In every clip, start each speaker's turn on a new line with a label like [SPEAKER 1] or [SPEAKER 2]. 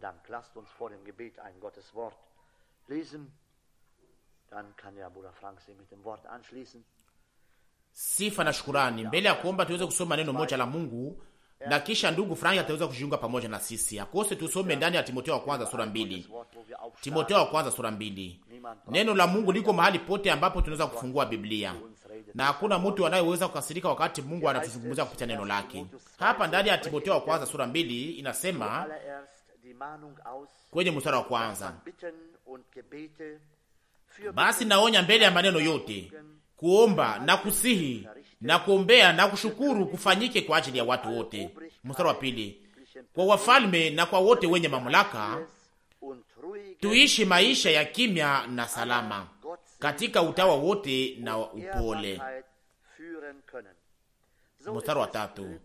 [SPEAKER 1] Und Dank. Lasst uns vor dem Gebet ein Gottes Wort lesen. Dann kann ja Bruder Frank sich mit dem Wort anschließen.
[SPEAKER 2] Sifa na shukurani. Mbele ya kuomba tuweze kusoma neno moja la Mungu na kisha ndugu Frank ataweza kujiunga pamoja na sisi. Akose tusome ndani ya Timotheo wa kwanza sura mbili. Timotheo wa kwanza sura mbili. Neno la Mungu liko mahali pote ambapo tunaweza kufungua Biblia. Na hakuna mtu anayeweza kukasirika wakati Mungu anatuzungumzia kupitia neno lake. Hapa ndani ya Timotheo wa kwanza sura mbili inasema kwenye mstari wa kwanza, basi naonya mbele ya maneno yote kuomba na kusihi na kuombea na kushukuru kufanyike kwa ajili ya watu wote. Mstari wa pili, kwa wafalme na kwa wote wenye mamlaka, tuishi maisha ya kimya na salama katika utawa wote na upole. Mstari wa tatu,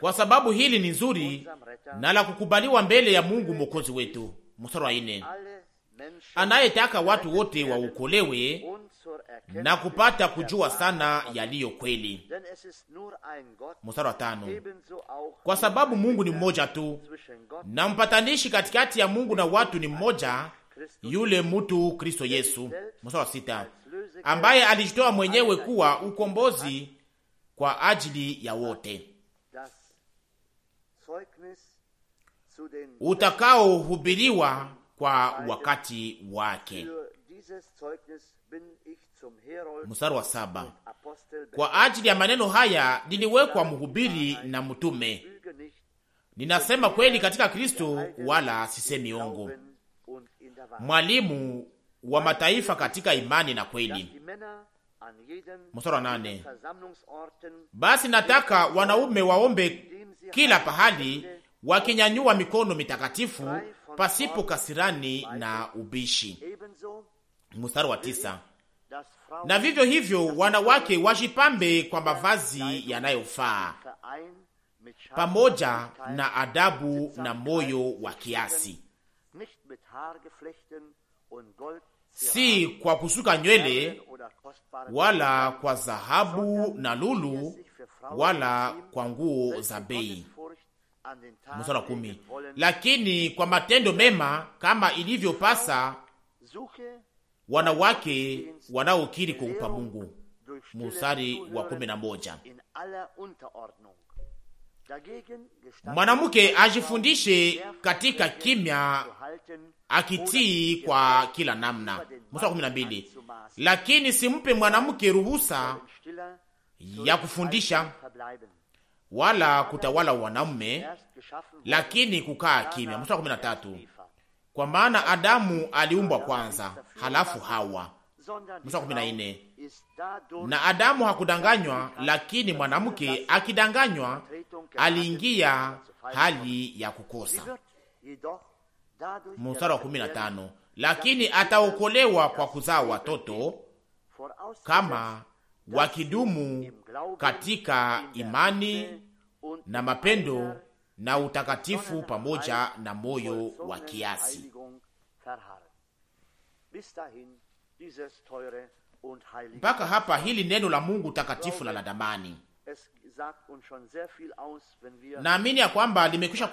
[SPEAKER 2] kwa sababu hili ni nzuri na la kukubaliwa mbele ya Mungu mwokozi wetu. Mstari wa ine, anayetaka watu wote waukolewe na kupata kujua sana yaliyo kweli.
[SPEAKER 3] Mstari wa tano,
[SPEAKER 2] kwa sababu Mungu ni mmoja tu na mpatanishi katikati ya Mungu na watu ni mmoja, yule mtu Kristo Yesu. Mstari wa sita, ambaye alijitoa mwenyewe kuwa ukombozi kwa ajili ya wote utakaohubiriwa kwa wakati wake.
[SPEAKER 1] Mstari wa saba. Kwa ajili
[SPEAKER 2] ya maneno haya niliwekwa mhubiri na mtume, ninasema kweli katika Kristo, wala sisemi ongo, mwalimu wa mataifa katika imani na kweli
[SPEAKER 3] mstari wa nane.
[SPEAKER 2] Basi nataka wanaume waombe kila pahali wakinyanyua mikono mitakatifu pasipo kasirani na ubishi. Mstari wa tisa. Na vivyo hivyo wanawake washipambe kwa mavazi yanayofaa
[SPEAKER 1] pamoja
[SPEAKER 2] na adabu na moyo wa kiasi, si kwa kusuka nywele wala kwa dhahabu na lulu, wala kwa nguo za bei. Mstari wa kumi, lakini kwa matendo mema kama ilivyopasa wanawake wanaokiri kuupa Mungu. Mstari wa kumi na moja,
[SPEAKER 3] mwanamke ajifundishe katika kimya
[SPEAKER 2] akitii kwa kila namna. Mstari kumi na mbili, lakini simpe mwanamke ruhusa ya kufundisha wala kutawala wanaume, lakini kukaa kimya. Mstari kumi na tatu, kwa maana Adamu aliumbwa kwanza, halafu Hawa. Mstari kumi na nne, na Adamu hakudanganywa, lakini mwanamke akidanganywa aliingia hali ya kukosa
[SPEAKER 3] mstari wa kumi na tano
[SPEAKER 2] lakini ataokolewa kwa kuzaa watoto kama wakidumu katika imani na mapendo na utakatifu pamoja na moyo wa kiasi.
[SPEAKER 1] Mpaka hapa hili neno la
[SPEAKER 2] Mungu takatifu na la damani Naamini ya kwamba limekwisha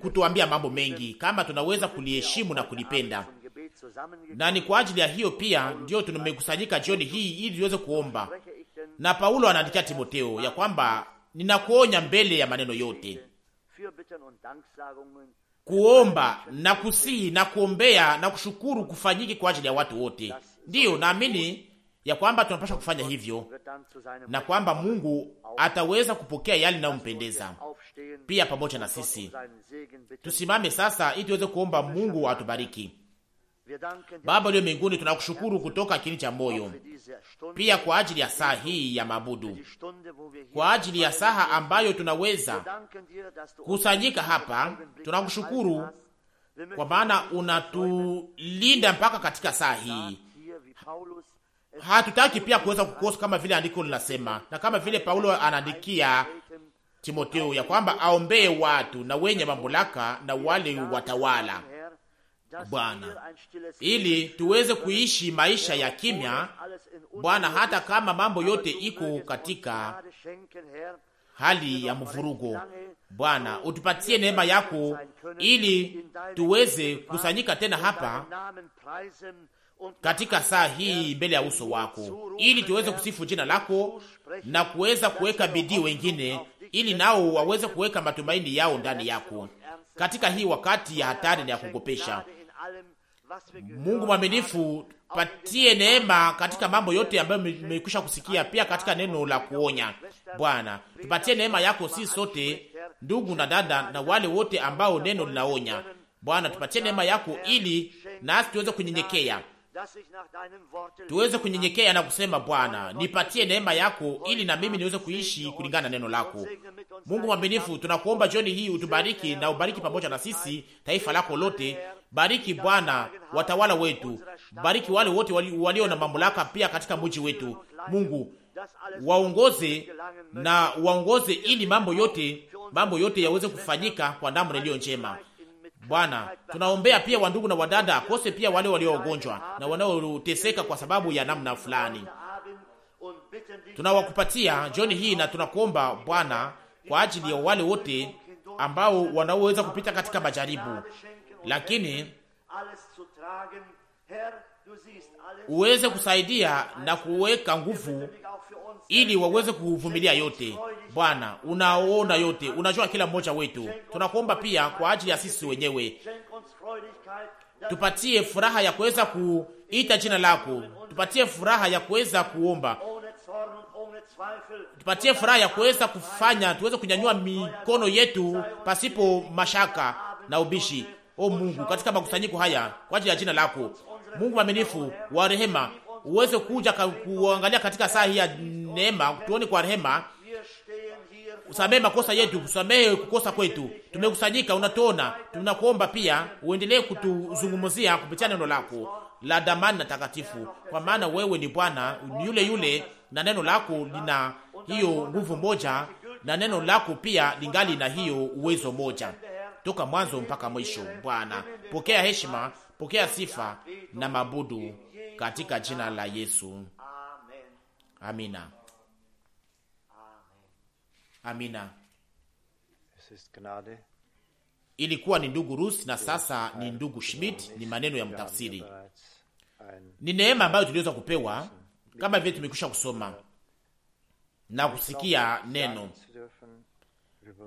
[SPEAKER 2] kutuambia mambo mengi, kama tunaweza kuliheshimu na kulipenda, na ni kwa ajili ya hiyo pia ndiyo tumekusanyika jioni hii ili tuweze kuomba. Na Paulo anaandikia Timotheo ya kwamba ninakuonya mbele ya maneno yote kuomba na kusihi na kuombea na kushukuru kufanyike kwa ajili ya watu wote. Ndiyo naamini ya kwamba tunapasha kufanya hivyo na kwamba Mungu ataweza kupokea yale inayompendeza pia pamoja na sisi. Tusimame sasa ili tuweze kuomba Mungu atubariki. Baba ulio mbinguni, tunakushukuru kutoka kini cha moyo, pia kwa ajili ya saa hii ya mabudu, kwa ajili ya saha ambayo tunaweza kusanyika hapa. Tunakushukuru kwa maana unatulinda mpaka katika saa hii hatutaki pia kuweza kukosa kama vile andiko linasema na kama vile Paulo anaandikia Timotheo ya kwamba aombee watu na wenye mamlaka na wale watawala Bwana, ili tuweze kuishi maisha ya kimya Bwana, hata kama mambo yote iko katika hali ya mvurugo. Bwana, utupatie neema yako ili tuweze kusanyika tena hapa katika saa hii mbele ya uso wako, ili tuweze kusifu jina lako na kuweza kuweka bidii wengine, ili nao waweze kuweka matumaini yao ndani yako, katika hii wakati ya hatari na ya kugopesha. Mungu mwaminifu, patie neema katika mambo yote ambayo mmekwisha kusikia, pia katika neno la kuonya. Bwana, tupatie neema yako, si sote ndugu na dada na wale wote ambao neno linaonya. Bwana, tupatie neema yako ili nasi tuweze kunyenyekea tuweze kunyenyekea na kusema, Bwana, nipatie neema yako ili na mimi niweze kuishi kulingana na neno lako. Mungu mwaminifu, tunakuomba jioni hii utubariki na ubariki pamoja na sisi taifa lako lote. Bariki Bwana watawala wetu, bariki wale wote walio na mamlaka pia katika mji wetu. Mungu waongoze na waongoze, ili mambo yote mambo yote yaweze kufanyika kwa namna iliyo njema. Bwana, tunaombea pia wandugu na wadada, kose pia wale waliogonjwa na wanaoteseka kwa sababu ya namna fulani. Tunawakupatia jioni hii na tunakuomba Bwana kwa ajili ya wale wote ambao wanaoweza kupita katika majaribu, lakini uweze kusaidia na kuweka nguvu ili waweze kuvumilia yote. Bwana, unaona yote, unajua kila mmoja wetu. Tunakuomba pia kwa ajili ya sisi wenyewe, tupatie furaha ya kuweza kuita jina lako, tupatie furaha ya kuweza kuomba, tupatie furaha ya kuweza kufanya, tuweze kunyanyua mikono yetu pasipo mashaka na ubishi. O Mungu, katika makusanyiko haya kwa ajili ya jina lako, Mungu mwaminifu wa rehema, uweze kuja kuangalia katika saa hii ya neema, tuone kwa rehema, usamehe makosa yetu, usamehe kukosa kwetu. Tumekusanyika, unatuona, tunakuomba pia uendelee kutuzungumzia kupitia neno lako la damani na takatifu, kwa maana wewe ni Bwana ni yule yule, na neno lako lina hiyo nguvu moja, na neno lako pia lingali na hiyo uwezo moja, toka mwanzo mpaka mwisho. Bwana, pokea heshima, pokea sifa na mabudu katika jina la Yesu, amina. Amina. Ilikuwa ni ndugu Rus na sasa ni ndugu Schmidt. Ni maneno ya mtafsiri, ni neema ambayo tuliweza kupewa kama vile tumekwisha kusoma na kusikia neno,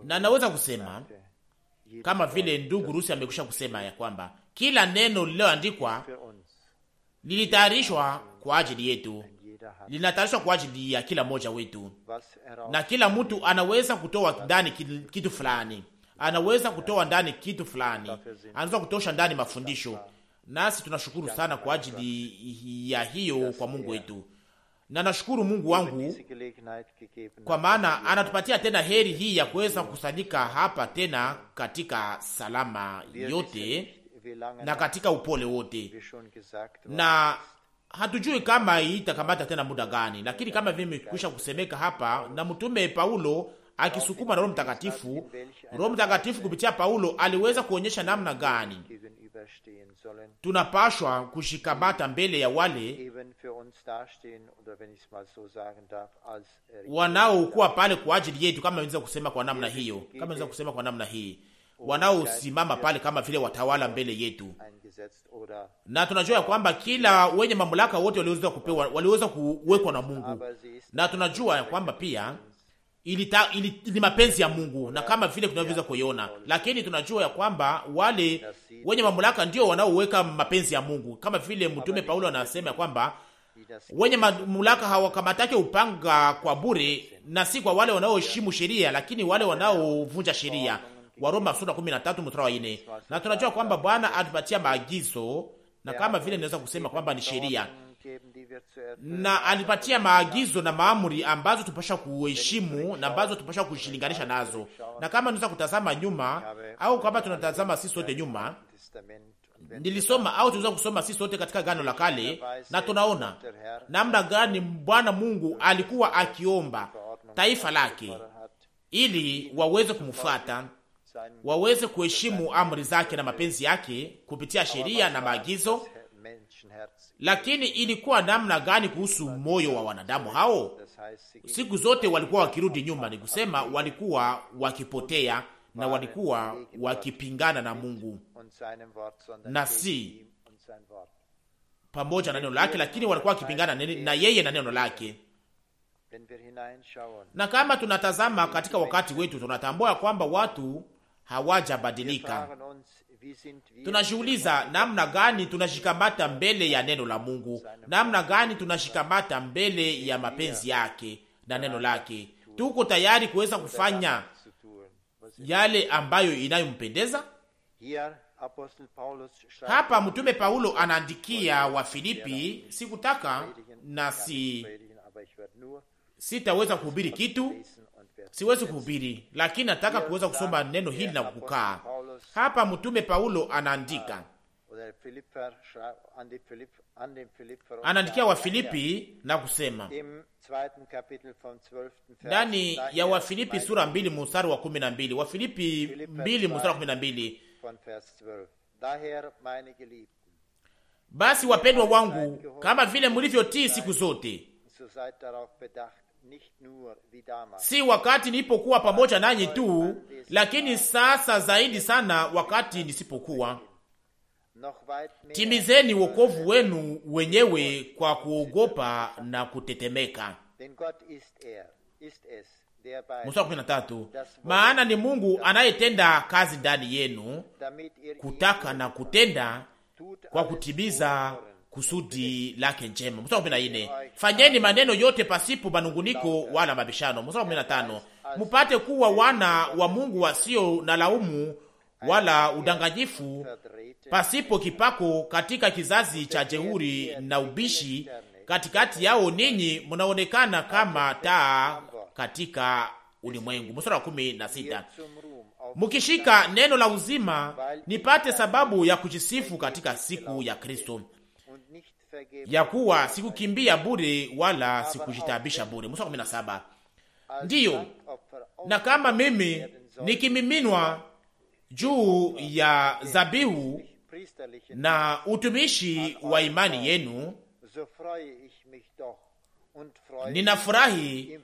[SPEAKER 1] na naweza kusema kama vile
[SPEAKER 2] ndugu Rusi amekwisha kusema ya kwamba kila neno lililoandikwa lilitayarishwa kwa ajili yetu linatayarishwa kwa ajili ya kila mmoja wetu, eh, na kila mtu anaweza kutoa ndani kitu fulani, anaweza kutoa ndani kitu fulani, anaweza kutosha ndani mafundisho. Nasi tunashukuru sana kwa ajili ya hiyo kwa Mungu wetu, na nashukuru Mungu wangu kwa maana anatupatia tena heri hii ya kuweza kukusanyika hapa tena katika salama yote
[SPEAKER 1] na katika upole
[SPEAKER 2] wote, na hatujui kama hii itakamata tena muda gani, lakini kama vile nimekwisha kusemeka hapa na mtume Paulo akisukuma na Roho Mtakatifu, Roho Mtakatifu kupitia Paulo aliweza kuonyesha namna gani
[SPEAKER 1] tunapashwa kushikamata mbele ya wale wanaokuwa
[SPEAKER 2] pale kwa ajili yetu, kama naweza kusema kwa namna hiyo, kama naweza kusema kwa namna hii wanaosimama pale kama vile watawala mbele yetu, na tunajua ya kwamba kila wenye mamlaka wote waliweza kupewa, waliweza kuwekwa na Mungu, na tunajua ya kwamba pia ilita, ili, ni mapenzi ya Mungu na kama vile tunavyoweza kuiona, lakini tunajua ya kwamba wale wenye mamlaka ndio wanaoweka mapenzi ya Mungu, kama vile mtume Paulo anasema kwamba wenye mamlaka hawakamatake upanga kwa bure, na si kwa wale wanaoheshimu sheria, lakini wale wanaovunja sheria. Waroma sura 13 mstari wa 4. Na tunajua kwamba Bwana atupatia maagizo na kama vile ninaweza kusema kwamba ni sheria na alipatia maagizo na maamuri ambazo tupasha kuheshimu na ambazo tupasha kushilinganisha nazo, na kama tunaweza kutazama nyuma au kama tunatazama sisi sote nyuma, nilisoma au tunaweza kusoma sisi sote katika gano la kale, na tunaona namna gani Bwana Mungu alikuwa akiomba taifa lake ili waweze kumfuata waweze kuheshimu amri zake na mapenzi yake kupitia sheria na maagizo. Lakini ilikuwa namna gani kuhusu moyo wa wanadamu hao? Siku zote walikuwa wakirudi nyuma, ni kusema walikuwa wakipotea na walikuwa wakipingana na Mungu
[SPEAKER 1] na si
[SPEAKER 2] pamoja na neno lake, lakini walikuwa wakipingana na yeye na neno lake. Na kama tunatazama katika wakati wetu, tunatambua kwamba watu hawajabadilika. Tunajiuliza namna gani tunashikamata mbele ya neno la Mungu, namna gani tunashikamata mbele ya mapenzi yake na neno lake. Tuko tayari kuweza kufanya yale ambayo inayompendeza. Hapa mtume Paulo anaandikia wa Filipi, sikutaka na si sitaweza kuhubiri kitu siwezi kuhubiri, lakini nataka kuweza kusoma neno hili na kukaa hapa. Mtume Paulo anaandika,
[SPEAKER 1] anaandikia Wafilipi na kusema
[SPEAKER 2] ndani ya Wafilipi sura mbili mstari wa kumi na mbili Wafilipi mbili mstari wa kumi na mbili basi wapendwa wangu, kama vile mlivyotii siku zote si wakati nilipokuwa pamoja nanyi tu, lakini sasa zaidi sana wakati nisipokuwa.
[SPEAKER 1] Timizeni
[SPEAKER 2] wokovu wenu wenyewe kwa kuogopa na kutetemeka. Er, Maana ni Mungu anayetenda kazi ndani yenu kutaka na kutenda kwa kutimiza kusudi lake njema. Mstari kumi na ine, fanyeni maneno yote pasipo manunguniko wala mabishano. Mstari kumi na tano, mupate kuwa wana wa Mungu wasio na laumu wala udanganyifu, pasipo kipako katika kizazi cha jeuri na ubishi, katikati yao ninyi mnaonekana kama taa katika ulimwengu. Mstari wa kumi na sita, mukishika neno la uzima, nipate sababu ya kujisifu katika siku ya Kristo ya kuwa sikukimbia bure wala sikujitabisha bure. Mstari kumi na saba. Ndiyo, na kama mimi nikimiminwa juu ya zabihu na utumishi wa imani yenu,
[SPEAKER 1] ninafurahi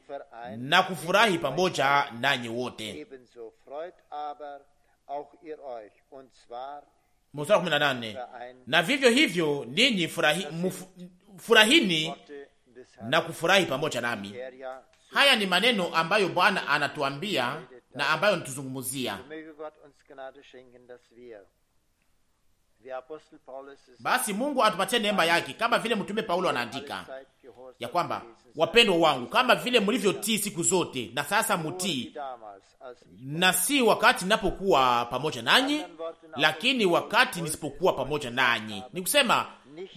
[SPEAKER 1] na kufurahi pamoja
[SPEAKER 2] nanyi wote mstari kumi na nane na vivyo hivyo ninyi furahi, furahini na kufurahi pamoja nami. Haya ni maneno ambayo Bwana anatuambia na ambayo nituzungumuzia basi Mungu atupatie neema yake, kama vile mtume Paulo anaandika ya kwamba, wapendwa wangu, kama vile mlivyotii siku zote na sasa mutii, na si wakati ninapokuwa pamoja nanyi, lakini wakati nisipokuwa pamoja nanyi. Ni kusema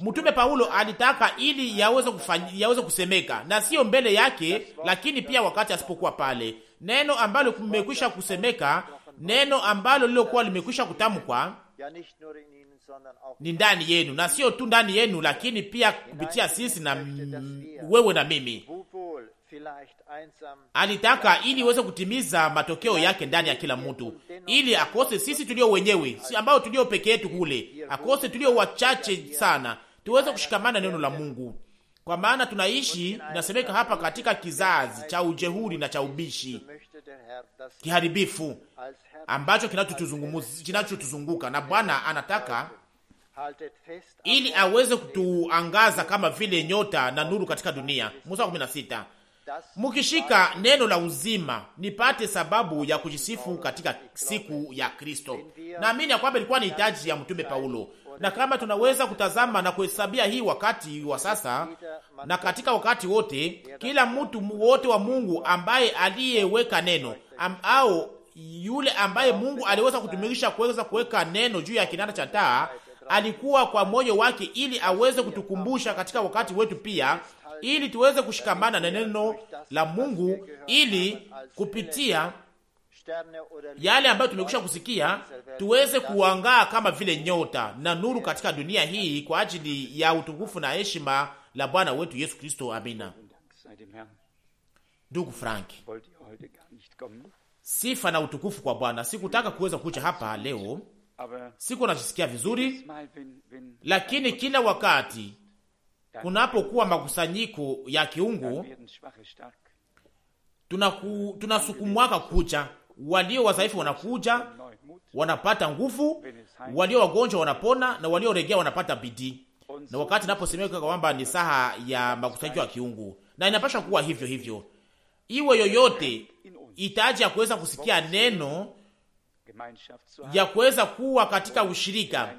[SPEAKER 2] mtume Paulo alitaka ili yaweze kufanya, yaweze kusemeka na sio mbele yake, lakini pia wakati asipokuwa pale, neno ambalo limekwisha kusemeka, neno ambalo lilokuwa limekwisha kutamkwa ni ndani yenu, na sio tu ndani yenu, lakini pia kupitia sisi na wewe na mimi. Alitaka ili iweze kutimiza matokeo yake ndani ya kila mtu, ili akose sisi tulio wenyewe, si ambao tulio peke yetu kule, akose tulio wachache sana, tuweze kushikamana neno la Mungu kwa maana tunaishi, inasemeka hapa, katika kizazi cha ujehuri na cha ubishi
[SPEAKER 1] kiharibifu
[SPEAKER 2] ambacho kinachotuzunguka, na Bwana anataka ili aweze kutuangaza kama vile nyota na nuru katika dunia. Musa 16 mukishika neno la uzima, nipate sababu ya kujisifu katika siku ya Kristo. Naamini ya kwamba ilikuwa ni hitaji ya mtume Paulo na kama tunaweza kutazama na kuhesabia hii wakati wa sasa na katika wakati wote, kila mtu wote wa Mungu ambaye aliyeweka neno am, au yule ambaye Mungu aliweza kutumirisha kuweza kuweka neno juu ya kinanda cha taa alikuwa kwa moyo wake, ili aweze kutukumbusha katika wakati wetu pia, ili tuweze kushikamana na neno la Mungu ili kupitia yale ambayo tumekwisha kusikia tuweze kuangaa kama vile nyota na nuru katika dunia hii kwa ajili ya utukufu na heshima la Bwana wetu Yesu Kristo. Amina. Ndugu Frank, sifa na utukufu kwa Bwana. Sikutaka kuweza kuja hapa leo, siku najisikia vizuri, lakini kila wakati kunapokuwa makusanyiko ya kiungu tunasukumwaka kuja walio wadhaifu wanakuja wanapata nguvu, walio wagonjwa wanapona, na walioregea wanapata bidii. Na wakati naposemeka kwamba ni saha ya makusanyiko ya kiungu, na inapasha kuwa hivyo hivyo, iwe yoyote itaji ya kuweza kusikia neno ya kuweza kuwa katika ushirika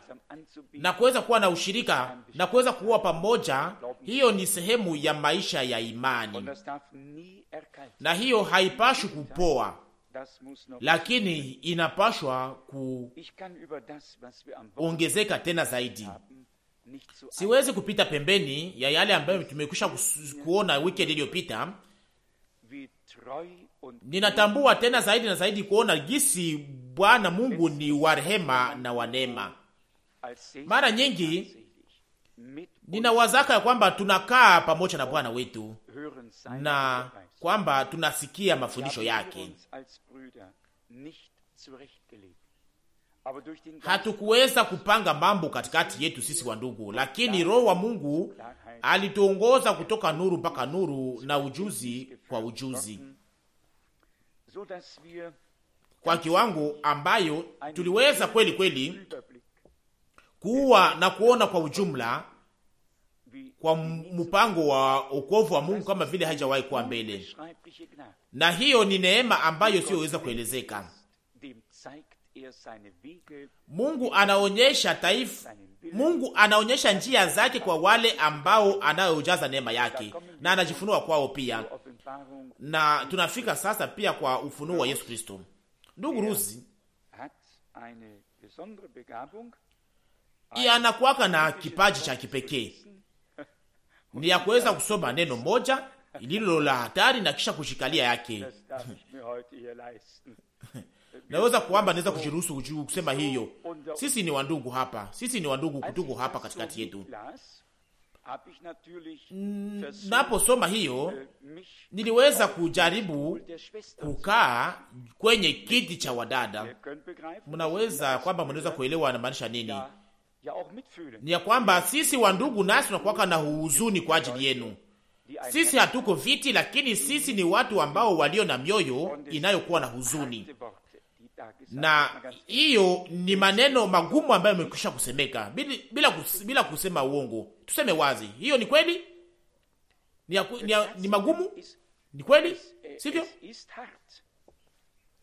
[SPEAKER 2] na kuweza kuwa na ushirika na kuweza kuwa pamoja. Hiyo ni sehemu ya maisha ya imani, na hiyo haipashi kupoa
[SPEAKER 3] lakini
[SPEAKER 2] inapashwa kuongezeka tena zaidi. Siwezi kupita pembeni ya yale ambayo tumekwisha kuona wikendi iliyopita. Ninatambua tena zaidi na zaidi kuona gisi Bwana Mungu ni wa rehema na wanema. Mara nyingi ninawazaka ya kwamba tunakaa pamoja na Bwana wetu na kwamba tunasikia mafundisho yake. Hatukuweza kupanga mambo katikati yetu sisi wa ndugu, lakini Roho wa Mungu alituongoza kutoka nuru mpaka nuru na ujuzi kwa ujuzi, kwa kiwango ambayo tuliweza kweli kweli kuwa na kuona kwa ujumla kwa mpango wa ukovu wa Mungu kama vile haijawahi kuwa mbele, na hiyo ni neema ambayo siyoweza kuelezeka. Mungu anaonyesha taifa, Mungu anaonyesha njia zake kwa wale ambao anayojaza neema yake na anajifunua kwao pia, na tunafika sasa pia kwa ufunuo wa Yesu Kristo. Ndugu Ruzi anakuwaka na kipaji cha kipekee ni ya kuweza kusoma neno moja lililo la hatari na kisha kushikalia yake. Naweza kuamba naweza kujiruhusu kusema hiyo. Sisi ni wandugu hapa, sisi ni wandugu kutuko hapa katikati yetu. Naposoma hiyo, äh, niliweza kujaribu kukaa kwenye kiti cha wadada. Mnaweza kwamba mnaweza kuelewa anamaanisha nini ni ya kwamba sisi wa ndugu nasi tunakuwaka na huzuni kwa ajili yenu. Sisi hatuko viti, lakini sisi ni watu ambao walio na mioyo inayokuwa na huzuni, na hiyo ni maneno magumu ambayo yamekwisha kusemeka bila, bila kusema uongo. Tuseme wazi, hiyo ni kweli, ni, ya, ni, ya, ni magumu, ni kweli, sivyo?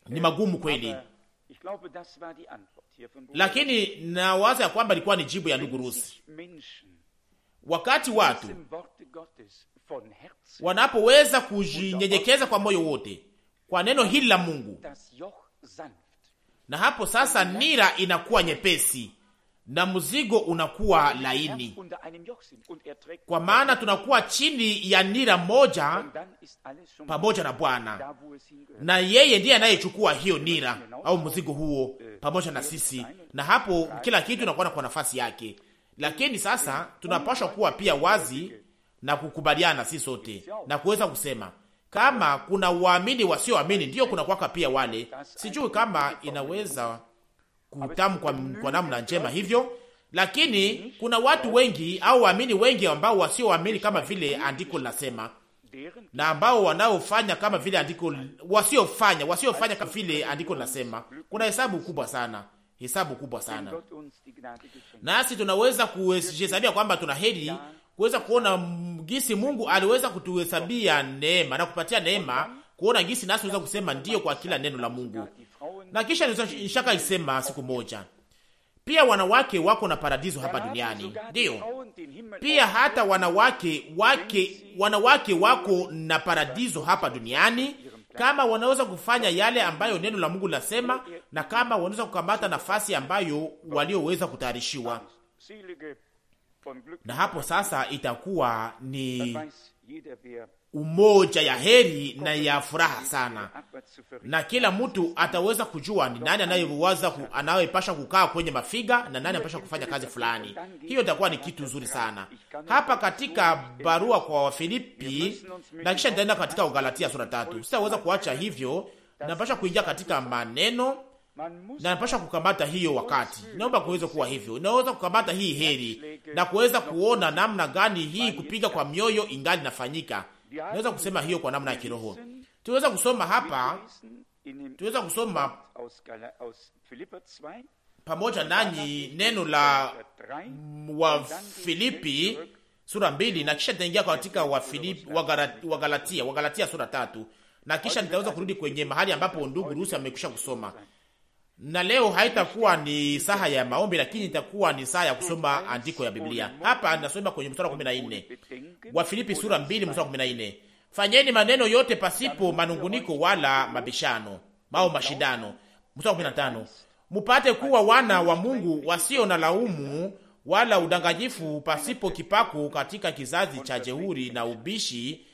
[SPEAKER 2] Ni magumu kweli lakini nawaza ya kwamba ilikuwa ni jibu ya ndugu Rusi. Wakati watu wanapoweza kujinyenyekeza kwa moyo wote kwa neno hili la Mungu, na hapo sasa nira inakuwa nyepesi na mzigo unakuwa laini, kwa maana tunakuwa chini ya nira moja pamoja na Bwana, na yeye ndiye anayechukua hiyo nira au mzigo huo pamoja na sisi, na hapo kila kitu inakuwa kwa nafasi yake. Lakini sasa tunapashwa kuwa pia wazi na kukubaliana sisi sote na kuweza kusema kama kuna waamini wasioamini, ndiyo kuna kwaka pia wale, sijui kama inaweza kutamkwa kwa namna njema hivyo, lakini kuna watu wengi au waamini wengi ambao wasioamini kama vile andiko linasema, na ambao wanaofanya kama vile andiko wasiofanya wasiofanya kama vile andiko linasema. Kuna hesabu kubwa sana hesabu kubwa sana, nasi tunaweza kuhesabia kwamba tuna heri kuweza kuona gisi Mungu aliweza kutuhesabia neema na kupatia neema, kuona gisi nasi tunaweza kusema ndiyo kwa kila neno la Mungu na kisha nishaka isema siku moja pia wanawake wako na paradiso hapa duniani, ndiyo. Pia hata wanawake wake wanawake wako na paradiso hapa duniani, kama wanaweza kufanya yale ambayo neno la Mungu linasema, na kama wanaweza kukamata nafasi ambayo walioweza kutayarishiwa. Na hapo sasa itakuwa ni umoja ya heri na ya furaha sana, na kila mtu ataweza kujua ni nani anayewaza ku, anayepasha kukaa kwenye mafiga na nani anapasha kufanya kazi fulani. Hiyo itakuwa ni kitu nzuri sana hapa katika barua kwa Wafilipi, na kisha nitaenda katika Ugalatia sura tatu. Sitaweza kuacha hivyo, napasha kuingia katika maneno na napasha kukamata hiyo wakati. Naomba kuweza kuwa hivyo, naweza kukamata hii heri na kuweza kuona namna gani hii kupiga kwa mioyo ingali nafanyika Naweza kusema hiyo kwa namna ya kiroho. Tunaweza kusoma hapa, tunaweza kusoma pamoja nanyi neno la wa Filipi sura mbili na kisha nitaingia katika wa Filipi wa Galatia, wa Galatia sura tatu na kisha nitaweza kurudi kwenye mahali ambapo ndugu Rusi amekwisha kusoma na leo haitakuwa ni saha ya maombi, lakini itakuwa ni saha ya kusoma andiko ya Biblia. Hapa nasoma kwenye mstari wa 14 wa Filipi sura 2 mstari wa 14, fanyeni maneno yote pasipo manunguniko wala mabishano mao mashindano. Mstari wa 15, mupate kuwa wana wa Mungu wasio na laumu wala udanganyifu, pasipo kipaku katika kizazi cha jeuri na ubishi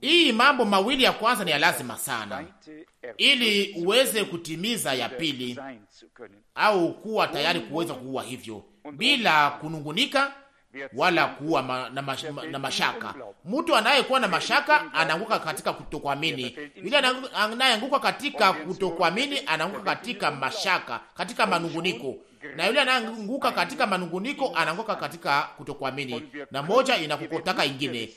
[SPEAKER 2] hii mambo mawili ya kwanza ni ya lazima sana, ili uweze kutimiza ya pili, au kuwa tayari kuweza kuua hivyo bila kunungunika wala kuwa ma, na, mash, ma, na mashaka. Mtu anayekuwa na mashaka anaanguka katika kutokuamini, yule anayeanguka katika kutokuamini anaanguka katika mashaka, katika manunguniko, na yule anaanguka katika manunguniko anaanguka katika kutokuamini, na moja inakukotaka ingine,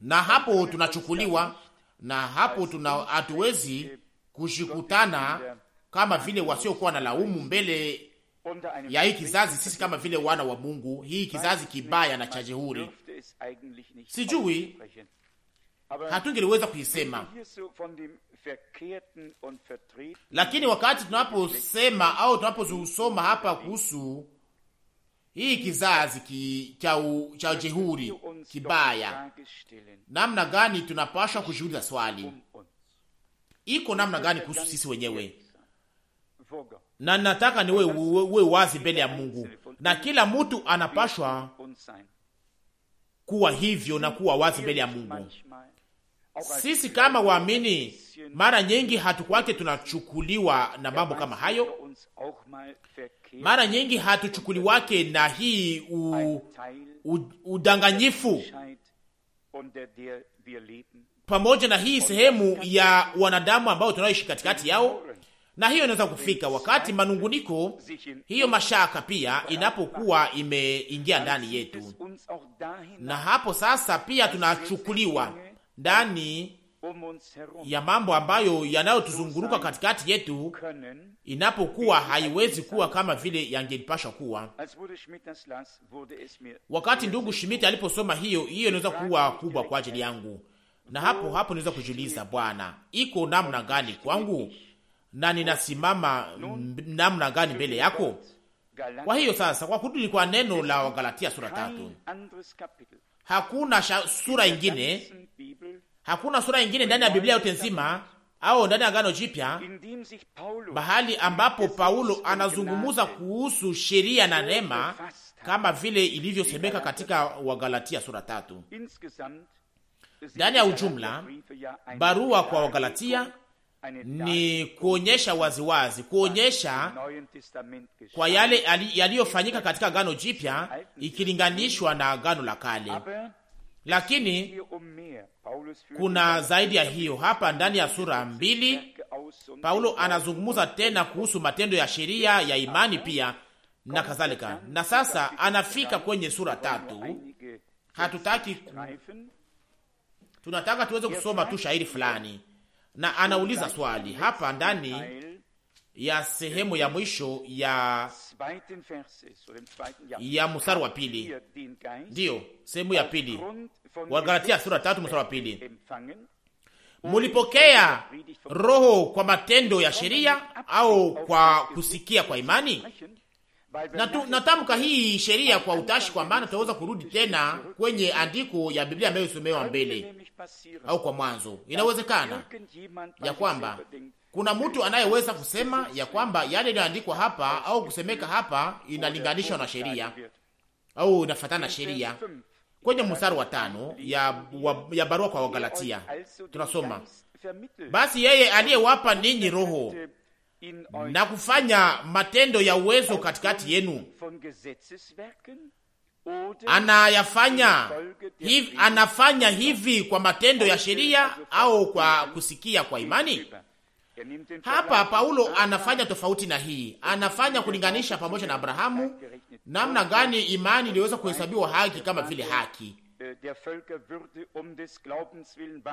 [SPEAKER 2] na hapo tunachukuliwa, na hapo tuna hatuwezi kushikutana kama vile wasiokuwa na laumu mbele ya hii kizazi, sisi kama vile wana wa Mungu, hii kizazi kibaya na cha jehuri sijui
[SPEAKER 4] hatungeliweza kuisema lakini
[SPEAKER 2] wakati tunaposema au tunapozusoma hapa kuhusu hii kizazi ki, cha jehuri kibaya, namna gani tunapashwa kujiuliza swali, um, um. iko namna gani kuhusu sisi wenyewe? Er. Na nataka ni uwe wazi mbele ya Mungu, na kila mtu anapashwa kuwa hivyo na kuwa wazi mbele ya Mungu. Sisi kama waamini mara nyingi hatukwake tunachukuliwa na er mambo kama hayo, mara nyingi hatuchukuliwake na hii u, u, udanganyifu pamoja na hii sehemu ya wanadamu ambao tunaoishi katikati yao, na hiyo inaweza kufika wakati manunguniko hiyo mashaka pia inapokuwa imeingia ndani yetu, na hapo sasa pia tunachukuliwa ndani ya mambo ambayo yanayotuzunguruka katikati yetu, inapokuwa haiwezi kuwa kama vile yangelipasha kuwa. Wakati ndugu Schmidt aliposoma hiyo hiyo, inaweza kuwa kubwa kwa ajili yangu, na hapo hapo niweza kujiuliza, Bwana, iko namna gani kwangu na ninasimama namna gani mbele yako? Kwa hiyo sasa, kwa kurudi kwa neno la Wagalatia sura tatu, hakuna sura ingine Hakuna sura nyingine ndani ya Biblia yote nzima au ndani ya Agano Jipya bahali ambapo Paulo anazungumuza kuhusu sheria na neema kama vile ilivyosemeka katika Wagalatia sura tatu.
[SPEAKER 4] Ndani ya ujumla, barua kwa
[SPEAKER 2] Wagalatia ni kuonyesha waziwazi, kuonyesha kwa yale yaliyofanyika katika Agano Jipya ikilinganishwa na Agano la Kale, lakini kuna zaidi ya hiyo. Hapa ndani ya sura mbili Paulo anazungumza tena kuhusu matendo ya sheria ya imani pia na kadhalika, na sasa anafika kwenye sura tatu. Hatutaki ku... tunataka tuweze kusoma tu shairi fulani, na anauliza swali hapa ndani ya sehemu ya mwisho ya ya mstari wa pili, ndiyo sehemu ya pili Wagalatia sura tatu mstari wa pili mulipokea roho kwa matendo ya sheria au kwa kusikia kwa imani? Natamka hii sheria kwa utashi, kwa maana tutaweza kurudi tena kwenye andiko ya Biblia ambayo isomewa mbele au kwa mwanzo. Inawezekana ya kwamba kuna mtu anayeweza kusema ya kwamba yale inaandikwa hapa au kusemeka hapa inalinganishwa na sheria au inafatana na sheria. Kwenye mstari wa tano ya, wa, ya barua kwa Wagalatia tunasoma basi yeye aliyewapa ninyi roho na kufanya matendo ya uwezo katikati yenu anayafanya hivi, anafanya hivi kwa matendo ya sheria au kwa kusikia kwa imani? Hapa Paulo anafanya tofauti na hii, anafanya kulinganisha pamoja na Abrahamu, namna gani imani iliweza kuhesabiwa haki kama vile haki, um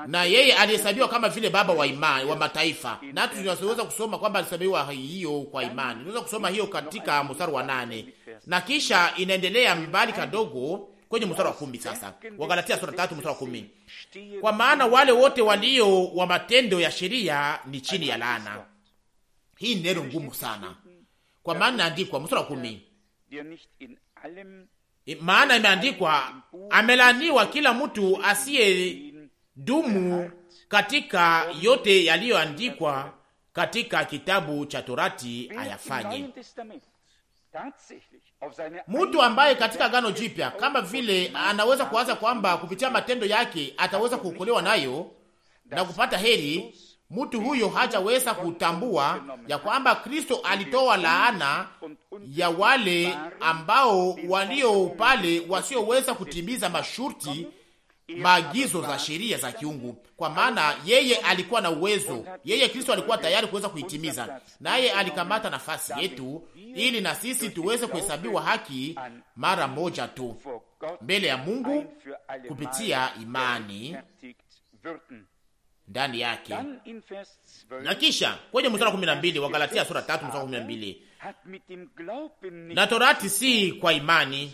[SPEAKER 2] na yeye alihesabiwa kama vile baba wa imani wa mataifa, na tunaweza kusoma kwamba alihesabiwa hiyo kwa imani. Tunaweza kusoma hiyo katika mstari wa nane na kisha inaendelea mbali kadogo kwenye mstari wa kumi. Sasa Wagalatia sura tatu mstari wa kumi, kwa maana wale wote walio wa matendo ya sheria ni chini ya laana. Hii ni neno ngumu sana, kwa maana inaandikwa mstari wa kumi, maana imeandikwa, amelaaniwa kila mtu asiye dumu katika yote yaliyoandikwa katika kitabu cha Torati ayafanye mtu ambaye katika gano Jipya kama vile anaweza kuwaza kwamba kupitia matendo yake ataweza kuokolewa nayo na kupata heri, mtu huyo hajaweza kutambua ya kwamba Kristo alitoa laana ya wale ambao walio pale wasioweza kutimiza masharti maagizo za sheria za kiungu kwa maana yeye alikuwa na uwezo, yeye Kristo alikuwa tayari kuweza kuitimiza, naye alikamata nafasi yetu ili na sisi tuweze kuhesabiwa haki mara moja tu mbele ya Mungu
[SPEAKER 3] kupitia
[SPEAKER 2] imani ndani yake. Na kisha kwenye mstari wa 12 wa Galatia sura 3 mstari wa 12, na torati si kwa imani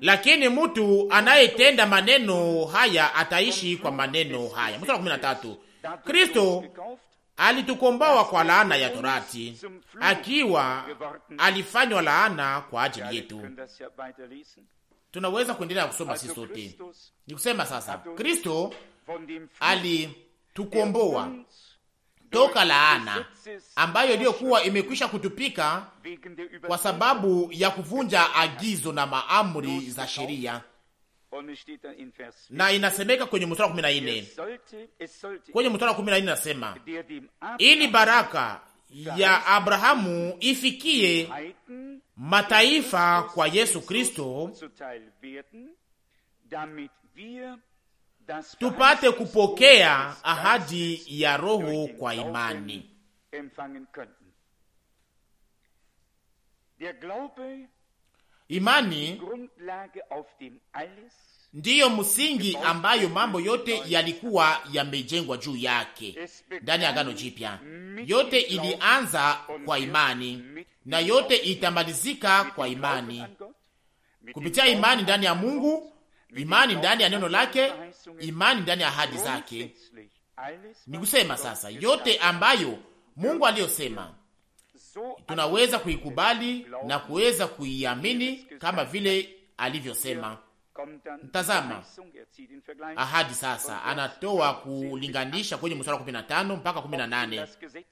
[SPEAKER 2] lakini mtu anayetenda maneno haya ataishi kwa maneno haya. Mstari wa kumi na tatu, Kristo alitukomboa kwa laana ya torati, akiwa alifanywa laana kwa ajili yetu. Tunaweza kuendelea kusoma sisi sote, ni kusema sasa Kristo alitukomboa toka laana ambayo iliyokuwa imekwisha kutupika kwa sababu ya kuvunja agizo na maamri za sheria. Na inasemeka kwenye mstari wa 14, kwenye mstari wa 14 inasema ili baraka ya Abrahamu ifikie mataifa kwa Yesu Kristo tupate kupokea ahadi ya Roho kwa imani. Imani ndiyo msingi ambayo mambo yote yalikuwa yamejengwa juu yake ndani ya Agano Jipya. Yote ilianza kwa imani na yote itamalizika kwa imani, kupitia imani ndani ya Mungu imani ndani ya neno lake, imani ndani ya ahadi zake. Ni kusema sasa, yote ambayo Mungu aliyosema tunaweza kuikubali na kuweza kuiamini kama vile alivyosema.
[SPEAKER 4] Mtazama ahadi
[SPEAKER 2] sasa, anatoa kulinganisha kwenye mstari wa 15 mpaka 18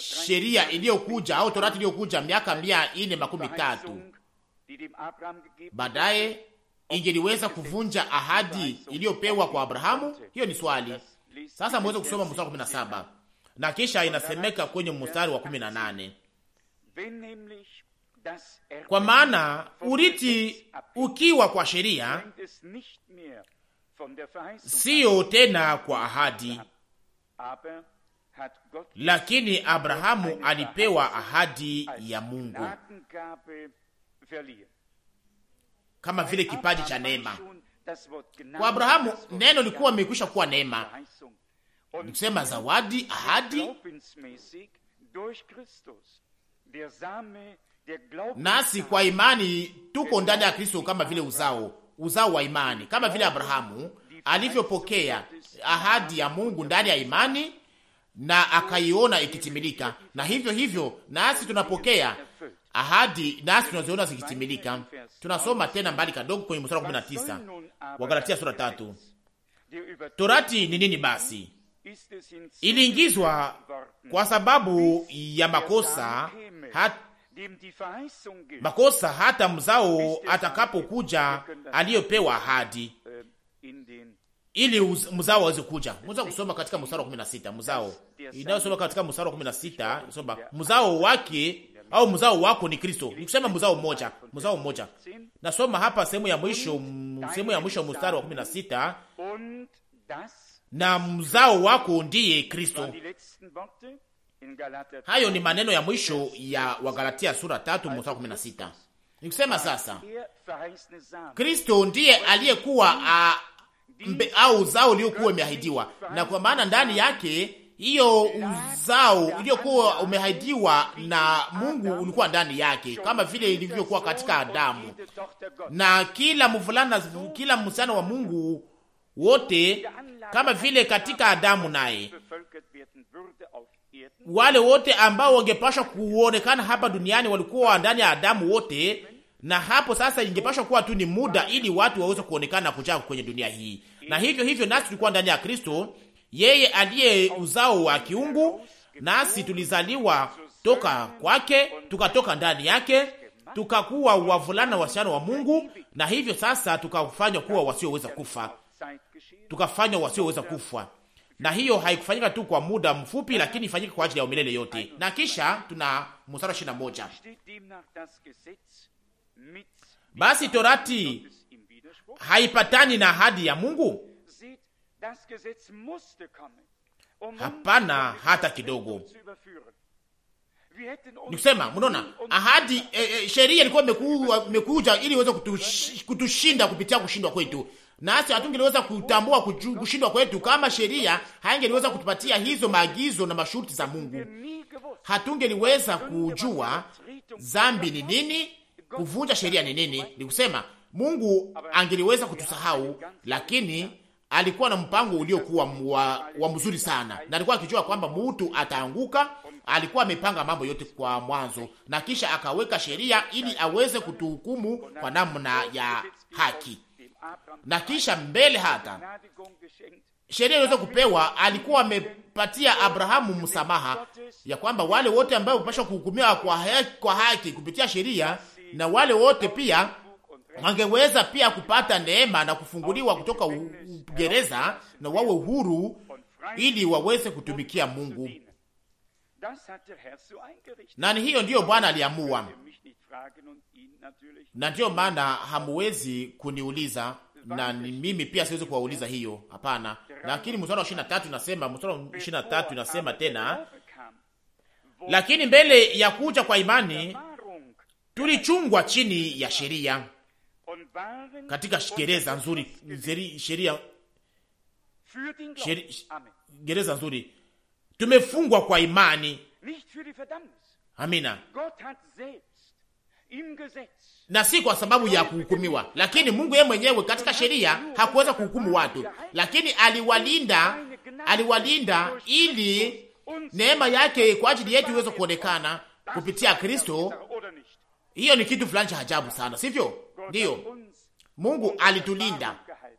[SPEAKER 2] sheria iliyokuja au torati iliyokuja miaka mia ine makumi tatu baadaye ingeliweza kuvunja ahadi iliyopewa kwa Abrahamu? Hiyo ni swali. Sasa mweze kusoma mstari 17 na kisha inasemeka kwenye mstari wa 18 kwa maana urithi ukiwa kwa sheria,
[SPEAKER 4] siyo
[SPEAKER 2] tena kwa ahadi, lakini Abrahamu alipewa ahadi ya Mungu kama vile kipaji cha neema.
[SPEAKER 4] Kwa Abrahamu neno likuwa imekwisha
[SPEAKER 2] kuwa neema, nikusema zawadi, ahadi. Nasi kwa imani tuko ndani ya Kristo kama vile uzao, uzao wa imani, kama vile Abrahamu alivyopokea ahadi ya Mungu ndani ya imani na akaiona ikitimilika, na hivyo hivyo nasi tunapokea ahadi nasi tunaziona zikitimilika. Tunasoma tena mbali kadogo kwenye mstari wa tisa wa Galatia sura tatu.
[SPEAKER 3] Torati ni
[SPEAKER 2] nini basi?
[SPEAKER 3] Iliingizwa
[SPEAKER 2] kwa sababu ya makosa hat, makosa hata mzao atakapokuja aliyopewa ahadi, ili uz, mzao aweze kuja. Mnaweza kusoma katika mstari wa sita mzao inayosoma katika mstari wa 16, soma mzao wake au mzao wako ni Kristo, nikusema mzao mmoja, mzao mmoja. Nasoma hapa sehemu ya mwisho, sehemu ya mwisho mstari wa 16, na mzao wako ndiye Kristo.
[SPEAKER 4] Hayo ni maneno
[SPEAKER 2] ya mwisho ya Wagalatia sura 3 mstari wa 16. Nikusema sasa Kristo ndiye aliyekuwa au zao liokuwa imeahidiwa, na kwa maana ndani yake hiyo uzao uliokuwa umehaidiwa na Mungu ulikuwa ndani yake, kama vile ilivyokuwa katika Adamu. Na kila mvulana, kila msichana wa Mungu wote, kama vile katika Adamu, naye wale wote ambao wangepashwa kuonekana hapa duniani walikuwa ndani ya Adamu wote, na hapo sasa ingepashwa kuwa tu ni muda ili watu waweze kuonekana na kujaa kwenye dunia hii. Na hivyo hivyo nasi tulikuwa ndani ya Kristo yeye aliye uzao wa kiungu, nasi tulizaliwa toka kwake, tukatoka ndani yake, tukakuwa wavulana wasichana wa Mungu, na hivyo sasa tukafanywa kuwa wasioweza kufa, tukafanywa wasioweza kufa. Na hiyo haikufanyika tu kwa muda mfupi, lakini ifanyike kwa ajili ya umelele yote. Na kisha tuna mstari ishirini na moja basi torati
[SPEAKER 4] haipatani na
[SPEAKER 2] ahadi ya Mungu Hapana hata kidogo. Ni kusema mnaona, ahadi e, e, sheria ilikuwa imekuja ili iweze kutush, kutushinda kupitia kushindwa kwetu, nasi hatungeliweza kutambua kushindwa kwetu kama sheria haingeliweza kutupatia hizo maagizo na masharti za Mungu. Hatungeliweza kujua zambi ni nini, kuvunja sheria ni nini. Ni kusema Mungu angeliweza kutusahau, lakini alikuwa na mpango uliokuwa wa, wa mzuri sana, na alikuwa akijua kwamba mtu ataanguka. Alikuwa amepanga mambo yote kwa mwanzo, na kisha akaweka sheria ili aweze kutuhukumu kwa namna ya haki, na kisha mbele hata sheria iliweza kupewa. Alikuwa amepatia Abrahamu msamaha ya kwamba wale wote ambao wamepashwa kuhukumiwa kwa haki, kwa haki kupitia sheria na wale wote pia wangeweza pia kupata neema na kufunguliwa kutoka gereza na wawe huru
[SPEAKER 4] ili waweze
[SPEAKER 2] kutumikia Mungu. Na ni hiyo ndiyo Bwana aliamua, na ndiyo maana hamuwezi kuniuliza na ni mimi pia siwezi kuwauliza hiyo, hapana. Lakini mstari wa 23 inasema, mstari wa 23 inasema tena, lakini mbele ya kuja kwa imani tulichungwa chini ya sheria katika gereza nzuri, sheria gereza nzuri. Tumefungwa kwa imani, amina, na si kwa sababu ya kuhukumiwa, lakini Mungu yeye mwenyewe katika sheria hakuweza kuhukumu watu, lakini aliwalinda, aliwalinda ili neema yake kwa ajili yetu iweze kuonekana kupitia Kristo. Hiyo ni kitu fulani cha ajabu sana, sivyo? Ndiyo, Mungu alitulinda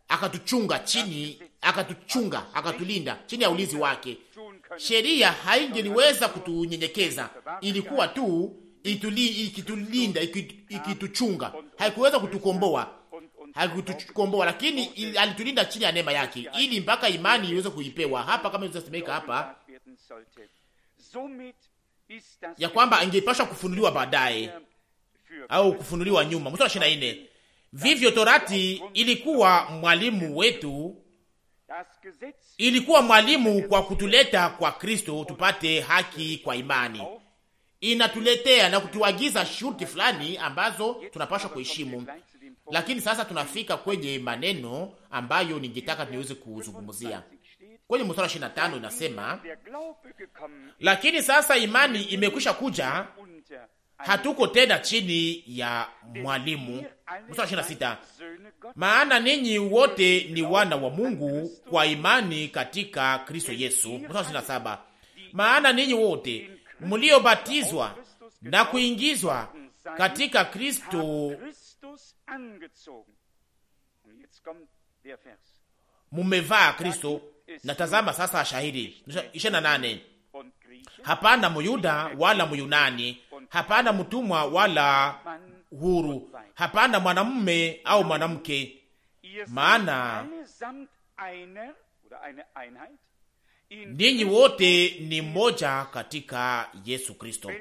[SPEAKER 2] akatuchunga chini, akatuchunga akatulinda chini ya ulinzi wake. Sheria haingeliweza kutunyenyekeza, ilikuwa tu ituli, ikitulinda ikituchunga, haikuweza kutukomboa, haikutukomboa, lakini il, alitulinda chini ya neema yake, ili mpaka imani iweze kuipewa hapa, kama ilivyosemeka hapa ya kwamba ingepashwa kufunuliwa baadaye au kufunuliwa nyuma. Mstari ishirini na nne vivyo torati ilikuwa mwalimu wetu, ilikuwa mwalimu kwa kutuleta kwa Kristo tupate haki kwa imani. Inatuletea na kutuagiza shurti fulani ambazo tunapaswa kuheshimu, lakini sasa tunafika kwenye maneno ambayo ningetaka niweze kuzungumzia kwenye mstari wa 25 inasema, lakini sasa imani imekwisha kuja hatuko tena chini ya mwalimu. Mstari 26, maana ninyi wote ni wana wa Mungu kwa imani katika Kristo Yesu. Mstari 27, maana ninyi wote mliobatizwa na kuingizwa katika Kristo mumevaa Kristo. tazama sasa shahidi ishirini na nane hapana Muyuda wala Muyunani, hapana mtumwa wala huru, hapana mwanamume au mwanamke,
[SPEAKER 4] maana
[SPEAKER 2] ninyi wote ni mmoja katika Yesu Kristo.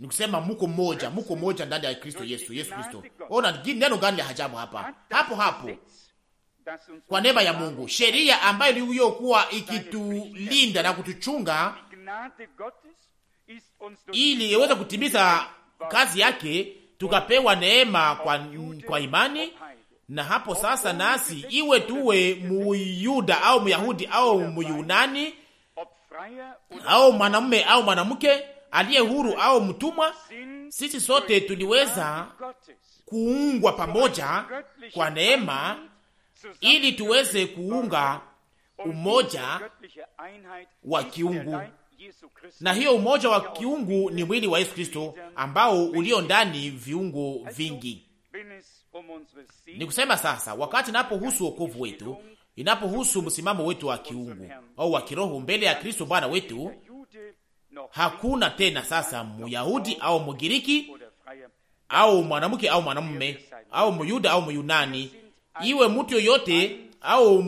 [SPEAKER 2] Nikusema muko mmoja, muko mmoja ndani ya Kristo Yesu. Yesu Kristo. Ona neno gani la hajabu hapa hapo hapo kwa neema ya Mungu, sheria ambayo iliyokuwa ikitulinda na kutuchunga ili iweze kutimiza kazi yake, tukapewa neema kwa, kwa imani. Na hapo sasa, nasi iwe tuwe Muyuda au Muyahudi au Muyunani au mwanamume au mwanamke aliye huru au mtumwa, sisi sote tuliweza kuungwa pamoja kwa neema ili tuweze kuunga umoja wa kiungu, na hiyo umoja wa kiungu ni mwili wa Yesu Kristo ambao ulio ndani viungo vingi. Ni kusema sasa, wakati inapohusu wokovu wetu, inapohusu msimamo wetu wa kiungu au wa kiroho mbele ya Kristo Bwana wetu, hakuna tena sasa Muyahudi au Mugiriki au mwanamke au mwanamume au Muyuda au Muyunani iwe mtu yoyote au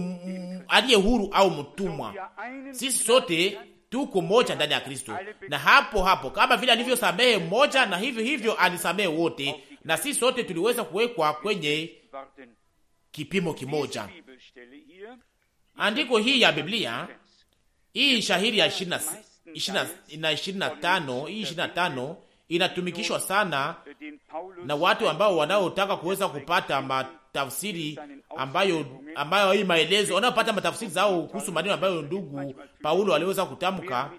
[SPEAKER 2] aliye huru au mtumwa, sisi sote tuko moja ndani ya Kristo. Na hapo hapo, kama vile alivyosamehe mmoja, na hivyo hivyo alisamehe wote, na sisi sote tuliweza kuwekwa kwenye kipimo kimoja. Andiko hii ya Biblia hii shahiri ya ishirini na tano hii ishirini na tano inatumikishwa sana na watu ambao wanaotaka kuweza kupata ma tafsiri ambayo ambayo hii maelezo wanayopata matafsiri zao kuhusu maneno ambayo ndugu Paulo aliweza kutamka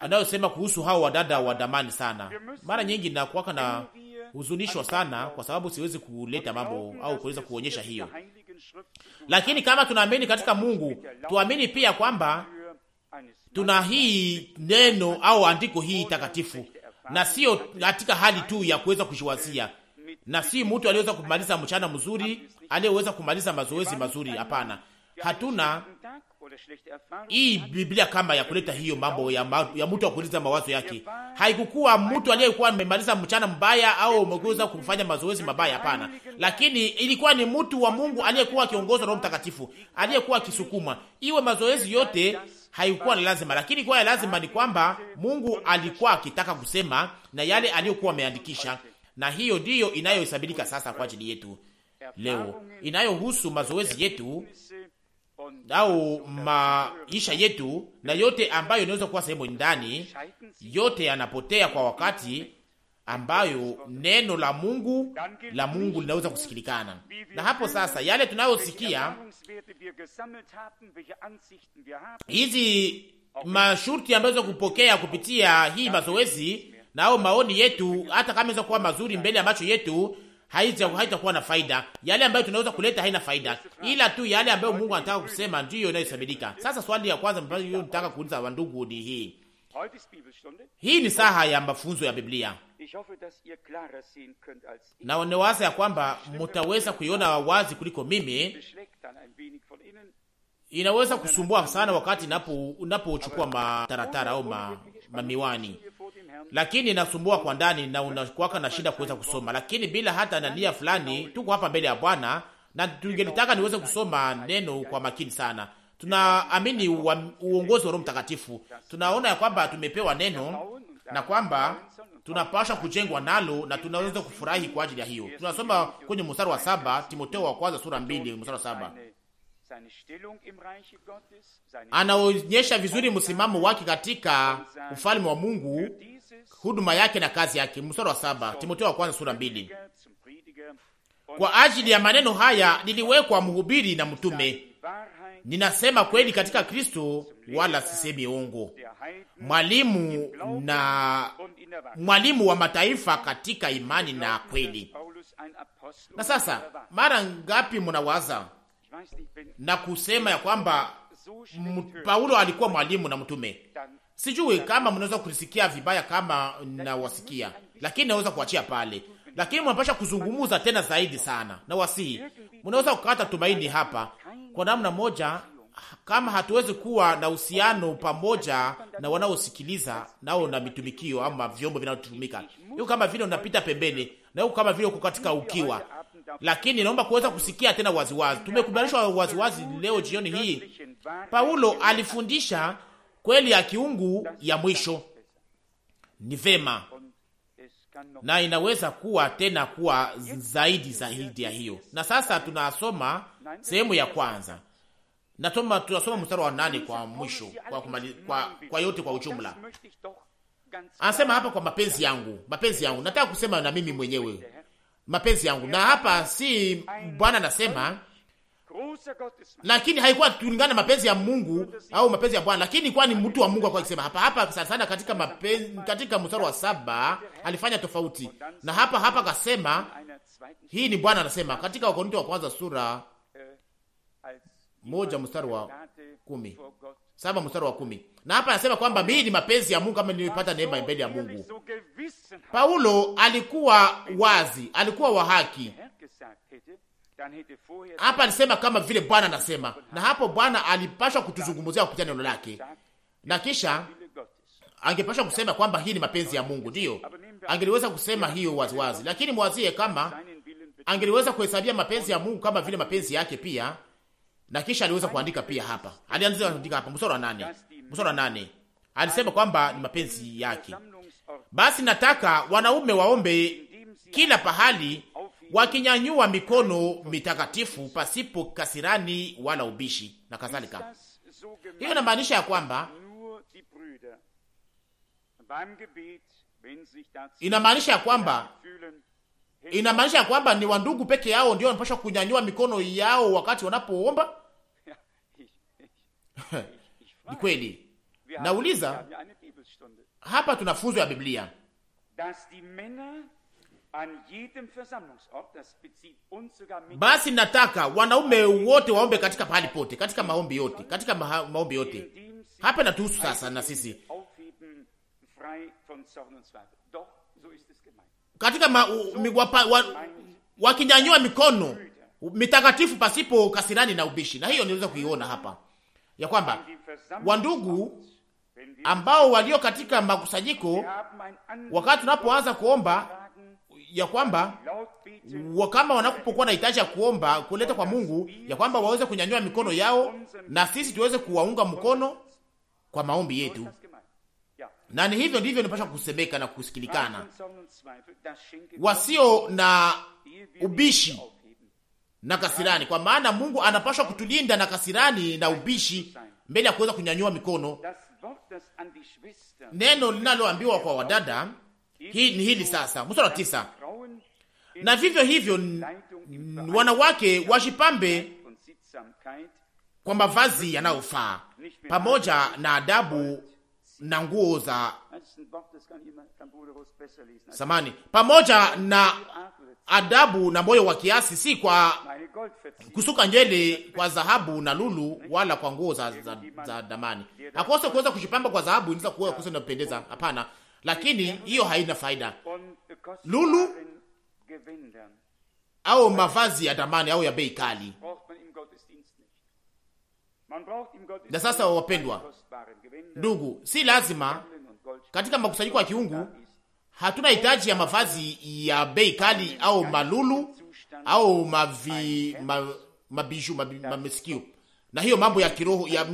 [SPEAKER 2] anayosema kuhusu hao wadada wa damani sana. Mara nyingi nakuwaka na huzunishwa sana, kwa sababu siwezi kuleta mambo au kuweza kuonyesha hiyo, lakini kama tunaamini katika Mungu, tuamini pia kwamba tuna hii neno au andiko hii takatifu, na sio katika hali tu ya kuweza kujiwazia na si mtu aliyeweza kumaliza mchana mzuri, aliyeweza kumaliza mazoezi mazuri. Hapana, hatuna hii Biblia kama ya kuleta hiyo mambo ya, ma, ya mtu akuuliza mawazo yake. Haikukuwa mtu aliyekuwa amemaliza mchana mbaya au umegeuza kufanya mazoezi mabaya, hapana, lakini ilikuwa ni mtu wa Mungu aliyekuwa akiongozwa na Roho Mtakatifu, aliyekuwa akisukuma Iwe mazoezi yote haikuwa na lazima, lakini kwa ya lazima ni kwamba Mungu alikuwa akitaka kusema na yale aliyokuwa ameandikisha na hiyo ndiyo inayohesabika sasa kwa ajili yetu leo, inayohusu mazoezi yetu au maisha yetu na yote ambayo inaweza kuwa sehemu ndani, yote yanapotea kwa wakati ambayo neno la Mungu la Mungu linaweza kusikilikana. Na hapo sasa, yale tunayosikia hizi masharti ambazo kupokea kupitia hii mazoezi nao maoni yetu, hata kama inaweza kuwa mazuri mbele ya macho yetu, haitakuwa na faida. Yale ambayo tunaweza kuleta haina faida, ila tu yale ambayo Mungu anataka kusema ndiyo inayosabidika. Sasa swali ya kwanza ambayo nataka kuuliza wandugu ni hii hii ni saha ya mafunzo ya Biblia na nawaza ya kwamba mutaweza kuiona wazi kuliko mimi. Inaweza kusumbua sana wakati napochukua mataratara au mamiwani, lakini inasumbua kwa ndani na unakuwaka na shida kuweza kusoma, lakini bila hata na nia fulani tuko hapa mbele ya Bwana na tungelitaka niweze kusoma neno kwa makini sana. Tunaamini uongozi wa Roho Mtakatifu, tunaona ya kwamba tumepewa neno na kwamba tunapasha kujengwa nalo na tunaweza kufurahi kwa ajili ya hiyo. Tunasoma kwenye mstari wa saba, timoteo wa kwanza sura mbili mstari wa saba anaonyesha vizuri msimamo wake katika ufalme wa Mungu, huduma yake na kazi yake. Mstari wa saba, Timotheo wa kwanza sura mbili. Kwa ajili ya maneno haya niliwekwa mhubiri na mtume, ninasema kweli katika Kristo, wala sisemi uongo, mwalimu na mwalimu wa mataifa katika imani na kweli. Na sasa, mara ngapi munawaza na kusema ya kwamba Paulo alikuwa mwalimu na mtume. Sijui kama mnaweza kulisikia vibaya kama nawasikia, lakini naweza kuachia pale, lakini mnapasha kuzungumuza tena zaidi sana na Mnaweza kukata tumaini hapa kwa namna moja, kama hatuwezi kuwa na uhusiano pamoja na wanaosikiliza nao na mitumikio ama vyombo vinavyotumika, hiyo kama vile unapita pembeni na hiyo kama vile uko katika ukiwa lakini naomba kuweza kusikia tena waziwazi. Tumekubalishwa waziwazi leo jioni hii. Paulo alifundisha kweli ya kiungu ya mwisho, ni vema na inaweza kuwa tena kuwa zaidi zaidi ya hiyo. Na sasa tunasoma sehemu ya kwanza, natoma tunasoma mstari wa nane kwa mwisho kwa, kumali, kwa, kwa yote kwa ujumla. Anasema hapa kwa mapenzi yangu, mapenzi yangu nataka kusema na mimi mwenyewe mapenzi yangu. Na hapa si Bwana anasema, lakini haikuwa kulingana na mapenzi ya Mungu au mapenzi ya Bwana, lakini kwani mtu wa Mungu alikuwa akisema hapa hapa sana sana katika mapenzi, katika mstari wa saba alifanya tofauti na hapa hapa akasema, hii ni Bwana anasema katika Wakorinto wa kwanza sura moja mstari wa kumi saba mstari wa kumi na hapa anasema kwamba mimi ni mapenzi ya Mungu kama nilipata neema mbele ya Mungu. Paulo alikuwa wazi, alikuwa wa haki. Hapa alisema kama vile Bwana anasema, na hapo Bwana alipashwa kutuzungumzia kupitia neno lake, na kisha angepashwa kusema kwamba hii ni mapenzi ya Mungu. Ndiyo, angeliweza kusema hiyo waziwazi wazi. Lakini mwazie kama angeliweza kuhesabia mapenzi ya Mungu kama vile mapenzi yake pia, na kisha aliweza kuandika pia hapa, alianza kuandika hapa mstari wa nane mstari wa nane alisema kwamba ni mapenzi yake. Basi nataka wanaume waombe kila pahali, wakinyanyua mikono mitakatifu pasipo kasirani wala ubishi na kadhalika.
[SPEAKER 4] Hiyo inamaanisha ya kwamba inamaanisha ya kwamba inamaanisha ya
[SPEAKER 2] kwamba ni wandugu peke yao ndio wanapashwa kunyanyua mikono yao wakati wanapoomba. Ni kweli Nauliza, hapa tuna funzo ya Biblia basi nataka wanaume wote waombe katika pahali pote, katika maombi yote, katika maha, maombi yote. Hapa natuhusu sasa na sisi katika ma, u, wapa, wa, wakinyanyua mikono mitakatifu pasipo kasirani na ubishi. Na hiyo niweza kuiona hapa ya kwamba wandugu ambao walio katika makusanyiko, wakati tunapoanza kuomba ya kwamba kama wanapokuwa na hitaji ya kuomba kuleta kwa Mungu, ya kwamba waweze kunyanyua mikono yao na sisi tuweze kuwaunga mkono kwa maombi yetu. Na ni hivyo ndivyo inapaswa kusemeka na kusikilikana, wasio na ubishi na kasirani, kwa maana Mungu anapaswa kutulinda na kasirani na ubishi mbele ya kuweza kunyanyua mikono Neno linaloambiwa kwa wadada hii ni hili sasa, mstari wa tisa: na vivyo hivyo wanawake washipambe kwa mavazi yanayofaa, pamoja na adabu na nguo za samani pamoja na adabu na moyo wa kiasi, si kwa kusuka nywele kwa dhahabu na lulu, wala kwa nguo za, za, za damani. Akose kuweza kushipamba kwa dhahabu inaweza kuwa kusa inapendeza, hapana, lakini hiyo haina faida. Lulu au mavazi ya damani au ya bei kali
[SPEAKER 4] na sasa wapendwa
[SPEAKER 2] ndugu, si lazima katika makusanyiko ya kiungu, hatuna hitaji ya mavazi ya bei kali au malulu au mavi, ma, mabiju mamesikio ma na hiyo mambo ya kiroho ya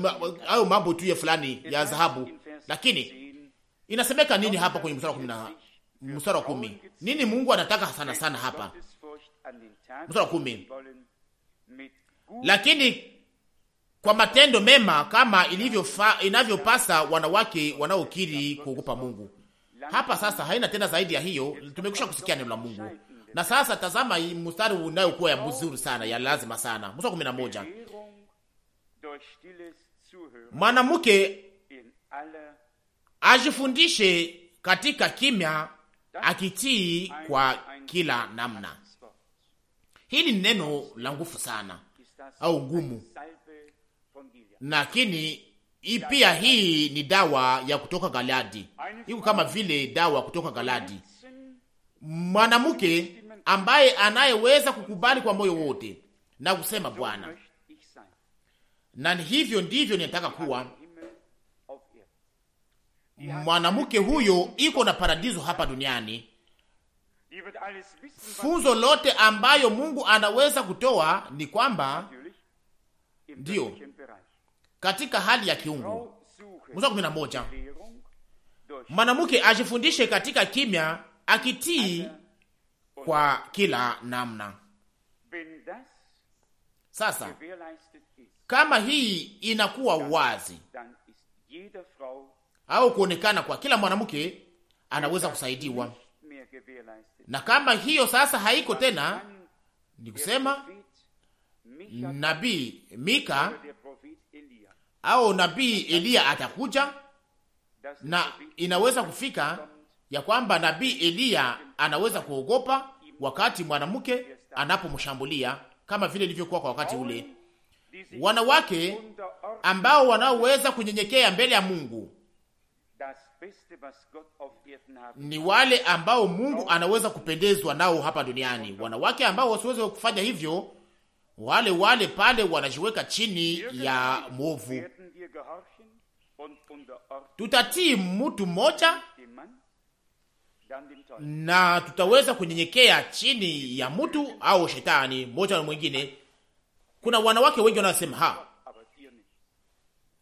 [SPEAKER 2] mambo tu ya fulani ya dhahabu. Lakini inasemeka nini hapa kwenye mstari wa kumi na mstari wa kumi? Nini Mungu anataka sana sana hapa
[SPEAKER 4] mstari wa kumi? Lakini
[SPEAKER 2] kwa matendo mema kama ilivyofa, inavyopasa wanawake wanaokiri kuogopa Mungu. Hapa sasa haina tena zaidi ya hiyo, tumekwisha kusikia neno la Mungu. Na sasa tazama mstari unayokuwa ya mzuri sana ya lazima sana, mstari kumi na moja
[SPEAKER 4] mwanamke
[SPEAKER 2] ajifundishe katika kimya, akitii kwa kila namna. Hili ni neno la nguvu sana au ngumu lakini pia hii ni dawa ya kutoka Galadi, iko kama vile dawa kutoka Galadi. Mwanamke ambaye anayeweza kukubali kwa moyo wote na kusema Bwana, na hivyo ndivyo ninataka kuwa. Mwanamke huyo iko na paradiso hapa duniani. Funzo lote ambayo Mungu anaweza kutoa ni kwamba ndiyo katika hali ya kiungu. Mstari kumi na moja, mwanamke ajifundishe katika kimya, akitii kwa kila namna. Sasa kama hii inakuwa wazi au kuonekana kwa kila mwanamke, anaweza kusaidiwa. Na kama hiyo sasa haiko tena, ni kusema nabii Mika au nabii Eliya atakuja, na inaweza kufika ya kwamba nabii Eliya anaweza kuogopa wakati mwanamke anapomshambulia kama vile ilivyokuwa kwa wakati ule. Wanawake ambao wanaoweza kunyenyekea mbele ya Mungu ni wale ambao Mungu anaweza kupendezwa nao hapa duniani. Wanawake ambao wasiweze kufanya hivyo wale wale pale wanajiweka chini ya mwovu. Tutatii mtu mmoja na tutaweza kunyenyekea chini ya mtu au shetani mmoja na mwingine. Kuna wanawake wengi wanaosema ha,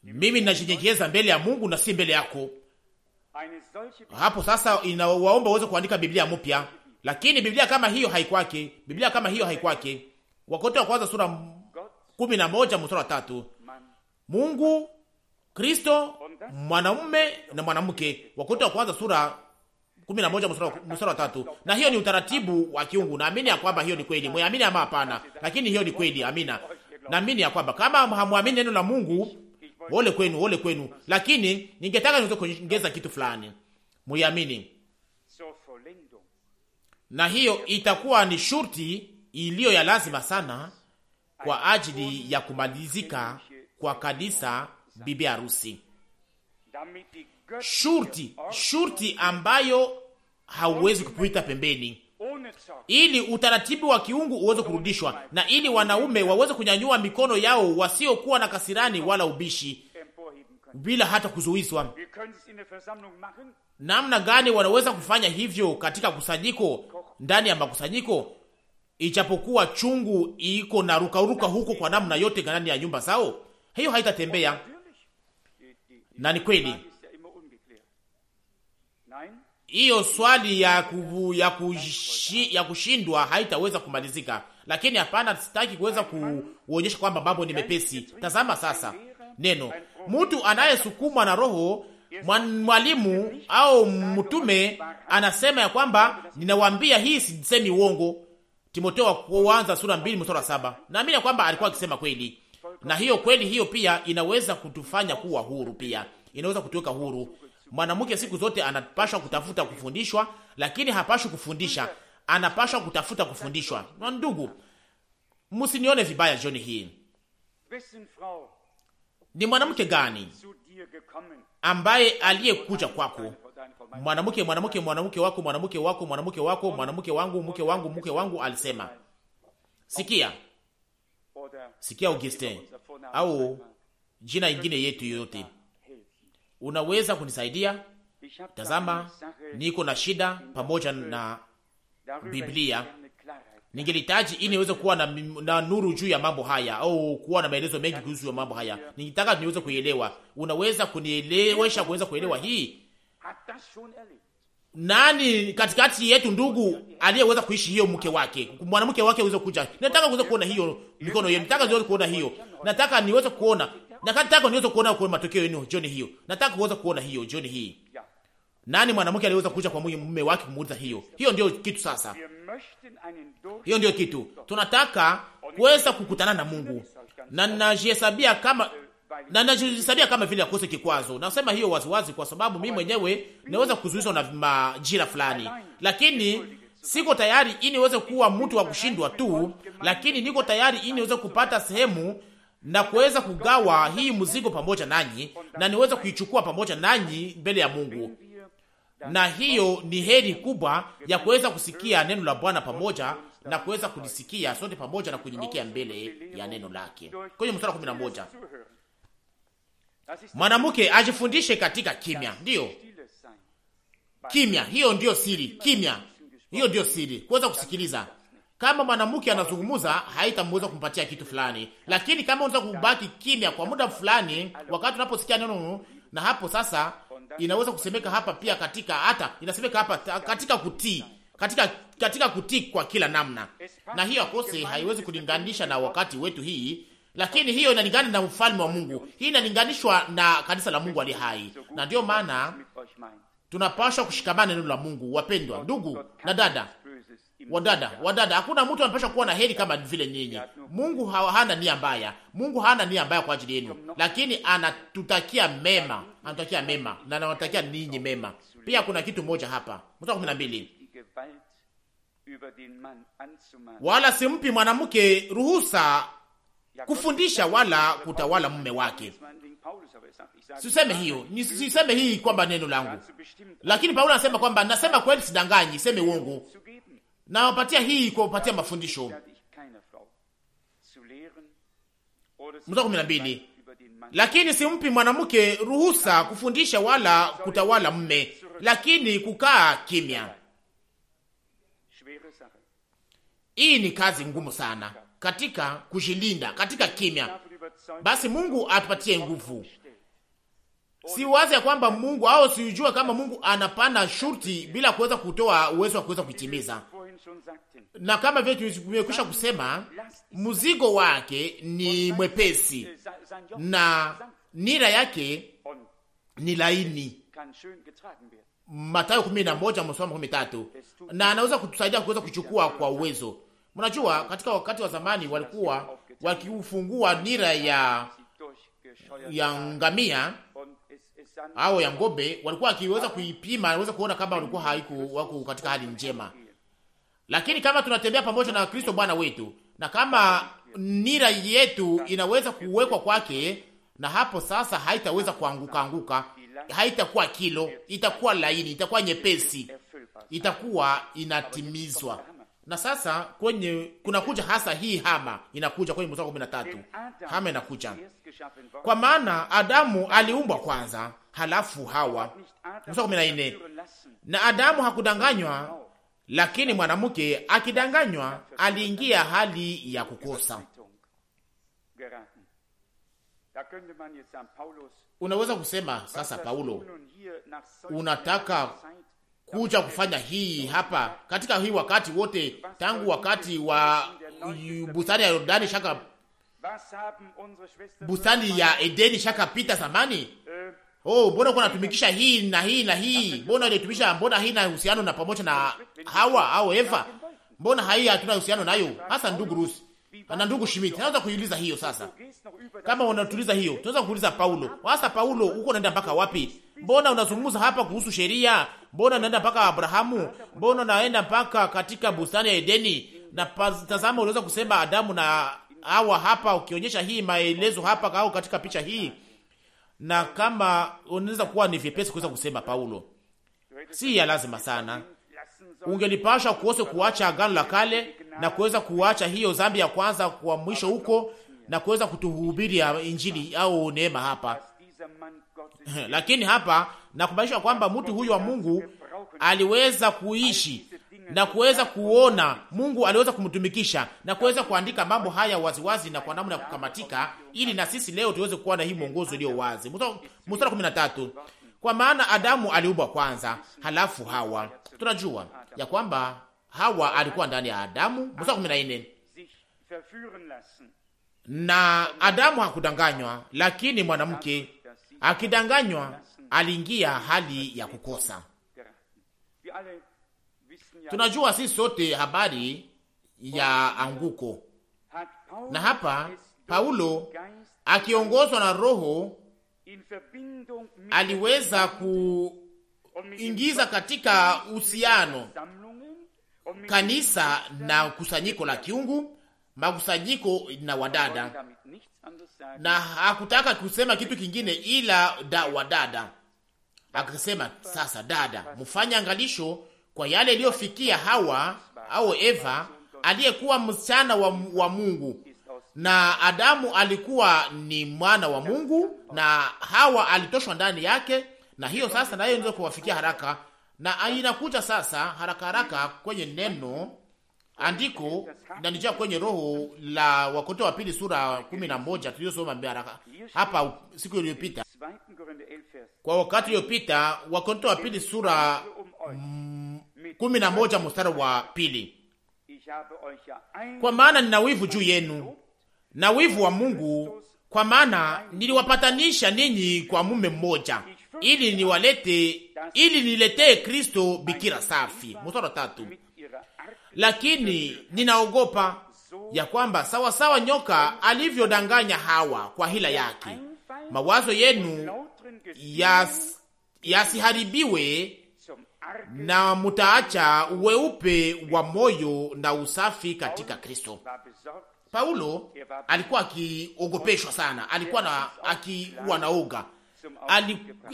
[SPEAKER 2] mimi ninajinyenyekeza mbele ya Mungu na si mbele yako. Hapo sasa inawaomba waweze kuandika Biblia mpya, lakini Biblia kama hiyo haikwake. Biblia kama hiyo haikwake. Wakorintho wa kwanza sura kumi na moja mstari wa tatu. Mungu Kristo mwanamume na mwanamke. Wakorintho wa kwanza sura kumi na moja mstari wa tatu. Na hiyo ni utaratibu wa kiungu. Naamini ya kwamba hiyo ni kweli. Mwaamini ama hapana? Lakini hiyo ni kweli. Amina. Naamini ya kwamba kama hamwamini neno la Mungu, ole kwenu, ole kwenu. Lakini ningetaka niweze kuongeza kitu fulani. Muiamini. Na hiyo itakuwa ni shurti iliyo ya lazima sana kwa ajili ya kumalizika kwa kanisa bibi harusi, shurti shurti ambayo hauwezi kupita pembeni, ili utaratibu wa kiungu uweze kurudishwa na ili wanaume waweze kunyanyua mikono yao wasiokuwa na kasirani wala ubishi bila hata kuzuizwa. Namna gani wanaweza kufanya hivyo katika kusanyiko, ndani ya makusanyiko? ijapokuwa chungu iko na rukaruka huko kwa namna yote ndani ya nyumba zao, hiyo haitatembea. Na ni kweli hiyo swali ya, kubu, ya, kushi, ya kushindwa haitaweza kumalizika, lakini hapana, sitaki kuweza kuonyesha kwamba mambo ni mepesi. Tazama sasa neno mtu anayesukumwa na roho mwalimu au mtume anasema ya kwamba ninawambia hii sisemi uongo, timoteo wa kwanza sura mbili mstari wa saba. Naamini ya kwamba alikuwa akisema kweli, na hiyo kweli hiyo pia inaweza kutufanya kuwa huru, pia inaweza kutuweka huru. Mwanamke siku zote anapashwa kutafuta kufundishwa, lakini hapashwi kufundisha, anapashwa kutafuta kufundishwa. Na ndugu, msinione vibaya jioni hii, ni mwanamke gani ambaye aliyekuja kwako mwanamke, mwanamke, mwanamke wako, mwanamke wako, mwanamke wako, mwanamke wangu, mke wangu, mke wangu alisema. Sikia, sikia Augustin, au jina ingine yetu yote unaweza kunisaidia?
[SPEAKER 3] Tazama, niko
[SPEAKER 2] na shida pamoja na Biblia ningelitaji ili niweze kuwa na, na nuru juu ya mambo haya au kuwa na maelezo mengi kuhusu mambo haya. ningetaka niweze kuelewa. Unaweza kunielewesha kuweza kuelewa hii? Nani katikati yetu ndugu aliyeweza kuishi hiyo mke wake, mwanamke wake aweze kuja? Nataka kuweza kuona hiyo mikono yenu, nataka niweze kuona hiyo, nataka niweze kuona, nataka niweze kuona kwa matokeo yenu jioni hiyo, nataka kuweza kuona hiyo jioni hii. Nani mwanamke aliweza kuja kwa mume wake kumuuliza hiyo? Hiyo ndio kitu sasa, hiyo ndio kitu tunataka kuweza kukutana na Mungu, na najihesabia kama na najihesabia kama vile akose kikwazo. Nasema hiyo waziwazi, kwa sababu mimi mwenyewe naweza kuzuizwa na majira fulani, lakini siko tayari ili niweze kuwa mtu wa kushindwa tu, lakini niko tayari ili niweze kupata sehemu na kuweza kugawa hii mzigo pamoja nanyi na niweze kuichukua pamoja nanyi mbele ya Mungu. Na hiyo ni heri kubwa ya kuweza kusikia neno la Bwana pamoja na kuweza kulisikia sote pamoja na kunyenyekea mbele ya neno lake. Kwenye mstari wa Mwanamke ajifundishe katika kimya, ndiyo kimya. Hiyo ndiyo siri, kimya. Hiyo ndiyo siri, kuweza kusikiliza. Kama mwanamke anazungumza, haitamweza kumpatia kitu fulani, lakini kama unaweza kubaki kimya kwa muda fulani, wakati unaposikia neno, na hapo sasa inaweza kusemeka hapa pia katika hata inasemeka hapa katika kutii katika katika kutii kwa kila namna, na hiyo akose haiwezi kulinganisha na wakati wetu hii lakini hiyo inalingana na ufalme wa Mungu, hii inalinganishwa na kanisa la Mungu ali hai, na ndiyo maana tunapashwa kushikamana neno la Mungu. Wapendwa ndugu na dada, wadada, wadada, hakuna mtu anapashwa kuwa na heri kama vile nyinyi. Mungu hana nia mbaya, Mungu hana nia mbaya kwa ajili yenu, lakini anatutakia mema, anatutakia mema na anawatakia ninyi mema pia. Kuna kitu moja hapa, mstari wa 12 wala simpi mwanamke ruhusa kufundisha wala kutawala mume wake. Siseme hiyo, nisiseme hii kwamba neno langu, lakini Paulo anasema kwamba nasema kweli, sidanganyi, seme uongo. Nawapatia hii kwa kupatia mafundisho. lakini simpi mwanamke ruhusa kufundisha wala kutawala mme, lakini kukaa kimya. Hii ni kazi ngumu sana katika kujilinda, katika kimya. Basi Mungu atupatie nguvu. Si wazi ya kwamba Mungu au siujua kama Mungu anapanda shurti bila kuweza kutoa uwezo wa kuweza kuitimiza, na kama vile tumekwisha kusema, mzigo wake ni mwepesi na nira yake ni laini. Mathayo 11 Na anaweza kutusaidia kuweza kuchukua kwa uwezo Mnajua, katika wakati wa zamani walikuwa wakiufungua nira ya ya ngamia au ya ng'ombe, walikuwa wakiweza kuipima, waweza kuona kama walikuwa haiku wako katika hali njema. Lakini kama tunatembea pamoja na Kristo Bwana wetu na kama nira yetu inaweza kuwekwa kwake, na hapo sasa haitaweza kuanguka anguka, haitakuwa kilo, itakuwa laini, itakuwa nyepesi, itakuwa inatimizwa na sasa kwenye kunakuja hasa hii hama inakuja kwenye mstari wa 13.
[SPEAKER 3] Hama inakuja. Kwa
[SPEAKER 2] maana Adamu aliumbwa kwanza, halafu Hawa. Mstari wa 14. Na Adamu hakudanganywa, lakini mwanamke akidanganywa aliingia hali ya kukosa. Unaweza kusema sasa, Paulo, unataka kuja kufanya hii hapa katika hii wakati wote, tangu wakati wa bustani ya Yordani shaka bustani ya Edeni shaka pita zamani. Oh, mbona kuna tumikisha hii na hii na hii? Mbona ilitumikisha? Mbona hii na uhusiano na pamoja na Hawa au Eva? Mbona hai hatuna uhusiano nayo hasa, ndugu Rusi na ndugu Schmidt? Naweza kuiuliza hiyo sasa, kama unatuliza hiyo, tunaweza kuuliza Paulo hasa. Paulo, uko unaenda mpaka wapi? Mbona unazungumza hapa kuhusu sheria Mbona naenda mpaka Abrahamu? Mbona naenda mpaka katika bustani ya Edeni? Na tazama, uliweza kusema Adamu na Hawa hapa, ukionyesha hii maelezo hapa au katika picha hii, na kama unaweza kuwa ni vyepesi kuweza kusema Paulo, si ya lazima sana, ungelipasha kuose kuacha agano la kale na kuweza kuacha hiyo zambi ya kwanza kwa mwisho huko na kuweza kutuhubiria injili au neema hapa lakini hapa nakubalishwa kwamba mtu huyu wa Mungu aliweza kuishi na kuweza kuona Mungu aliweza kumtumikisha na kuweza kuandika mambo haya waziwazi na kwa namna ya kukamatika, ili na sisi leo tuweze kuwa na hii mwongozo iliyo wazi. Mstari tatu: kwa maana Adamu aliumbwa kwanza, halafu Hawa. Tunajua ya kwamba Hawa alikuwa ndani ya Adamu. Mstari nne: na Adamu hakudanganywa, lakini mwanamke Akidanganywa aliingia hali ya kukosa.
[SPEAKER 3] Tunajua sisi
[SPEAKER 2] sote habari ya anguko,
[SPEAKER 4] na hapa
[SPEAKER 2] Paulo akiongozwa na Roho aliweza kuingiza katika uhusiano
[SPEAKER 4] kanisa
[SPEAKER 2] na kusanyiko la kiungu, makusanyiko na wadada na hakutaka kusema kitu kingine ila da wa dada akasema, sasa dada, mfanye angalisho kwa yale iliyofikia Hawa au Eva aliyekuwa msichana wa, wa Mungu na Adamu alikuwa ni mwana wa Mungu na Hawa alitoshwa ndani yake, na hiyo sasa nayo ndio kuwafikia haraka, na inakuja sasa haraka haraka kwenye neno Andiko nanijia kwenye roho la Wakorinto wa pili sura kumi na moja tuliyosoma hapa siku iliyopita. Kwa wakati uliopita, Wakorinto wa pili sura kumi na moja mstari wa pili kwa maana nina wivu juu yenu na wivu wa Mungu, kwa maana niliwapatanisha ninyi kwa mume mmoja, ili niwalete ili niletee Kristo bikira safi. Mstari wa tatu lakini ninaogopa ya kwamba sawasawa sawa nyoka alivyodanganya Hawa kwa hila yake, mawazo yenu
[SPEAKER 3] yas,
[SPEAKER 2] yasiharibiwe na mutaacha weupe wa moyo na usafi katika Kristo. Paulo alikuwa akiogopeshwa sana, alikuwa na akiwa naoga,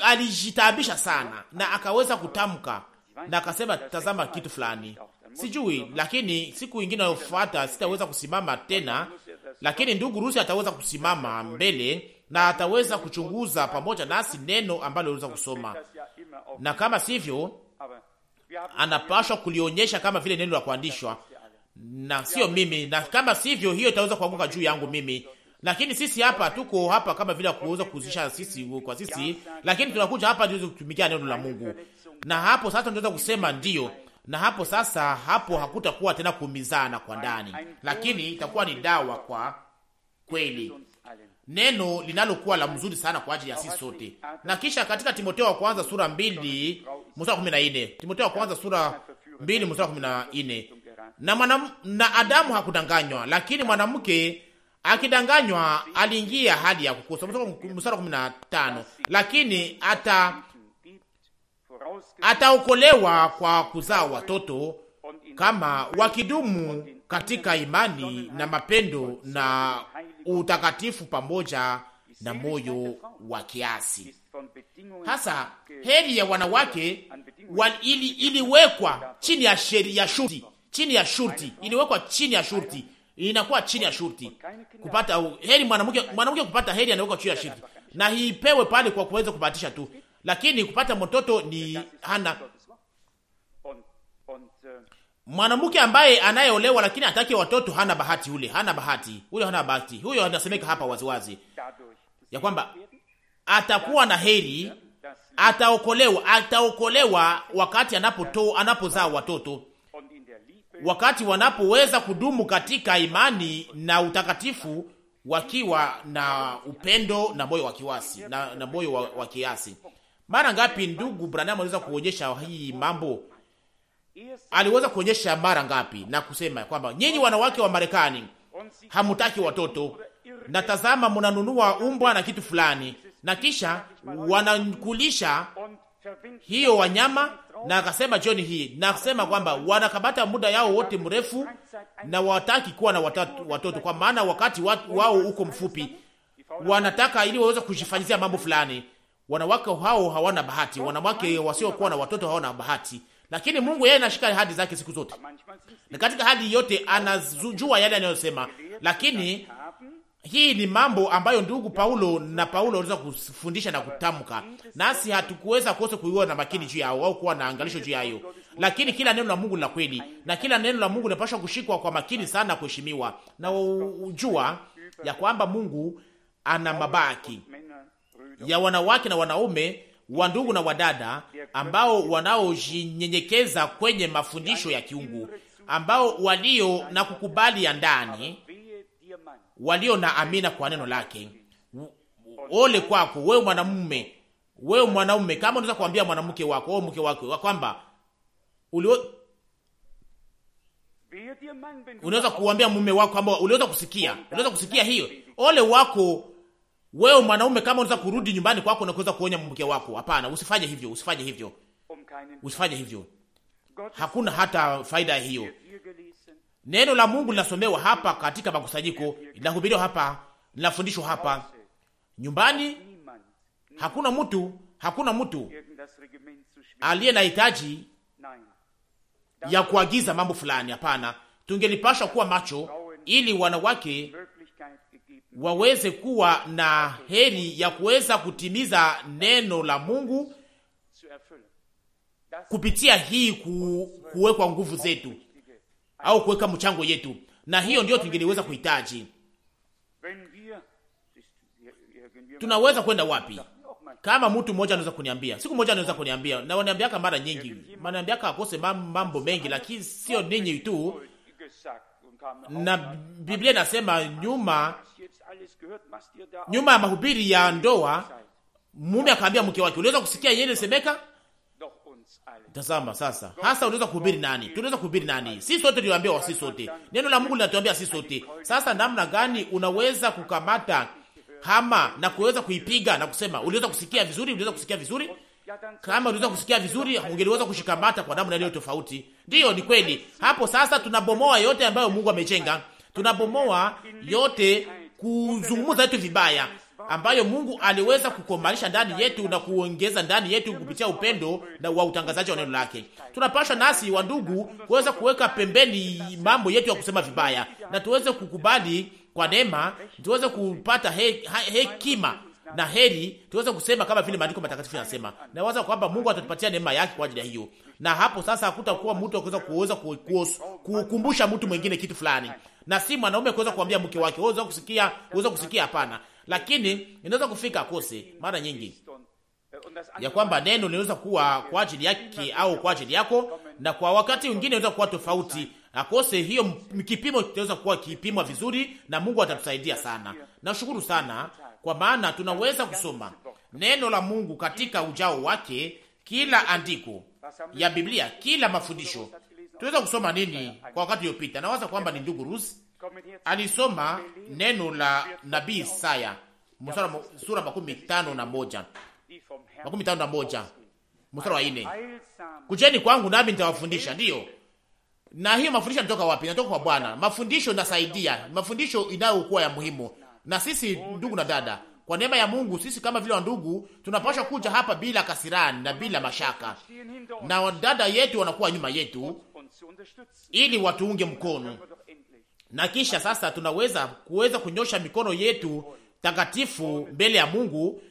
[SPEAKER 2] alijitabisha sana, na akaweza kutamka na akasema, tazama kitu fulani sijui, lakini siku ingine inayofuata sitaweza kusimama tena, lakini ndugu Rusi ataweza kusimama mbele na ataweza kuchunguza pamoja nasi neno ambalo aliweza kusoma, na kama sivyo anapashwa kulionyesha kama vile neno la kuandishwa na sio mimi, na kama sivyo hiyo itaweza kuanguka juu yangu mimi. Lakini sisi hapa tuko hapa kama vile kuweza kuzisha sisi kwa sisi, lakini tunakuja hapa tuweze kutumikia neno la Mungu, na hapo sasa tunaweza kusema ndiyo na hapo sasa, hapo hakutakuwa tena kuumizana kwa ndani, lakini itakuwa ni dawa kwa kweli, neno linalokuwa la mzuri sana kwa ajili ya sisi sote. Na kisha katika Timoteo wa kwanza sura mbili mstari wa 14, Timoteo wa kwanza sura mbili mstari wa 14, na manam, na Adamu hakudanganywa, lakini mwanamke akidanganywa aliingia hali ya kukosa. Mstari wa 15, lakini ata ataokolewa kwa kuzaa watoto kama wakidumu katika imani na mapendo na utakatifu pamoja na moyo wa kiasi. Hasa heri ya wanawake ili, iliwekwa chini ya sheria shurti, chini ya shurti, iliwekwa chini ya shurti, inakuwa chini ya shurti kupata heri. Mwanamke mwanamke kupata heri anawekwa chini ya shurti, na hiipewe pale kwa kuweza kupatisha tu lakini kupata mtoto ni hana.
[SPEAKER 4] Uh,
[SPEAKER 2] Mwanamke ambaye anayeolewa lakini atake watoto hana bahati, ule hana bahati, huyo hana bahati. Huyo anasemeka hapa waziwazi ya kwamba atakuwa na heri, ataokolewa, ataokolewa wakati anapotoa anapozaa watoto, wakati wanapoweza kudumu katika imani na utakatifu, wakiwa na upendo na moyo wa na, na moyo wa kiasi. Mara ngapi ndugu Branham aliweza kuonyesha hii mambo? Aliweza kuonyesha mara ngapi na kusema kwamba nyinyi wanawake wa Marekani hamutaki watoto, na tazama, mnanunua umbwa na kitu fulani, na kisha wanakulisha hiyo wanyama na akasema jioni hii na akasema kwamba wanakabata muda yao wote mrefu na wataki kuwa na watatu, watoto kwa maana wakati wao uko mfupi, wanataka ili waweze kujifanyizia mambo fulani. Wanawake hao hawana bahati, wanawake wasiokuwa na watoto hawana bahati, lakini Mungu yeye anashika ahadi zake siku zote, na katika hali yote anajua yale anayosema. Lakini hii ni mambo ambayo ndugu Paulo na Paulo waliweza kufundisha na kutamka, nasi hatukuweza kuweza kuiona na makini juu yao au kuwa na angalisho juu yayo, lakini kila neno la Mungu la kweli na kila neno la Mungu linapaswa kushikwa kwa makini sana, kuheshimiwa na ujua ya kwamba Mungu ana mabaki ya wanawake na wanaume, wa ndugu na wadada, ambao wanaojinyenyekeza kwenye mafundisho ya kiungu, ambao walio na kukubali ya ndani, walio na amina kwa neno lake. Ole kwako wewe mwanamume, wewe mwanaume, kama unaweza kuambia mwanamke wako au oh, mke wako kwamba ulio unaweza kuambia mume wako kwamba uliweza kusikia, uliweza kusikia hiyo. Ole wako wewe mwanaume, kama unaweza kurudi nyumbani kwako na kuweza kuonya mke wako, hapana, usifanye hivyo, usifanye hivyo, usifanye hivyo. Hakuna hata faida hiyo. Neno la Mungu linasomewa hapa katika makusanyiko, linahubiriwa hapa, linafundishwa hapa nyumbani. Hakuna mtu, hakuna mtu aliye na hitaji ya kuagiza mambo fulani. Hapana, tungelipashwa kuwa macho ili wanawake waweze kuwa na heri ya kuweza kutimiza neno la Mungu kupitia hii kuwekwa nguvu zetu au kuweka mchango yetu, na hiyo ndio tungeliweza kuhitaji.
[SPEAKER 4] Tunaweza kwenda
[SPEAKER 2] wapi? Kama mtu mmoja anaweza kuniambia, siku moja anaweza kuniambia, na waniambiaka mara nyingi, waniambiaka akose mambo mengi, lakini sio ninyi tu, na Biblia inasema nyuma nyuma ya mahubiri ya ndoa, mume akaambia mke wake, uliweza kusikia yeye ilisemeka? Tazama sasa, hasa unaweza kuhubiri nani? Tunaweza kuhubiri nani? Sisi sote tuliambiwa, sisi sote neno la Mungu linatuambia sisi sote. Sasa namna gani unaweza kukamata hama na kuweza kuipiga na kusema uliweza kusikia vizuri, uliweza kusikia vizuri? Kama uliweza kusikia vizuri, ungeliweza kushikamata kwa namna iliyo tofauti. Ndiyo, ni kweli. Hapo sasa tunabomoa yote ambayo Mungu amejenga, tunabomoa yote kuzungumza yetu vibaya ambayo Mungu aliweza kukomalisha ndani yetu na kuongeza ndani yetu kupitia upendo na wa utangazaji wa neno lake. Tunapashwa nasi wa ndugu kuweza kuweka pembeni mambo yetu ya kusema vibaya na tuweze kukubali kwa neema, tuweze kupata he, hekima na heri, tuweze kusema kama vile maandiko matakatifu yanasema. Nawaza kwamba Mungu atatupatia neema yake kwa ajili ya hiyo, na hapo sasa hakutakuwa mtu akuweza kuweza kukumbusha mtu mwingine kitu fulani, na si mwanaume kuweza kuambia mke wake, uweza kusikia, uweza kusikia, hapana. Lakini inaweza kufika kose mara nyingi ya kwamba neno linaweza kuwa kwa ajili yake au kwa ajili yako, na kwa wakati mwingine inaweza kuwa tofauti akose. Hiyo kipimo kitaweza kuwa kipimwa vizuri, na Mungu atatusaidia sana. Nashukuru sana kwa maana tunaweza kusoma neno la Mungu katika ujao wake, kila andiko ya Biblia, kila mafundisho tuweza kusoma nini kwa wakati uliopita? Nawaza kwamba ni ndugu Rus alisoma neno la nabii Isaya sura makumi tano na moja makumi tano na moja mstari wa ine kujeni kwangu nami nitawafundisha. Ndiyo, na hiyo mafundisho yanatoka wapi? Natoka kwa Bwana. Mafundisho nasaidia, mafundisho inayokuwa ya muhimu. Na sisi ndugu na dada, kwa neema ya Mungu, sisi kama vile wandugu tunapasha kuja hapa bila kasirani na bila mashaka, na wadada yetu wanakuwa nyuma yetu ili watuunge mkono, na kisha sasa tunaweza kuweza kunyosha mikono yetu takatifu mbele ya Mungu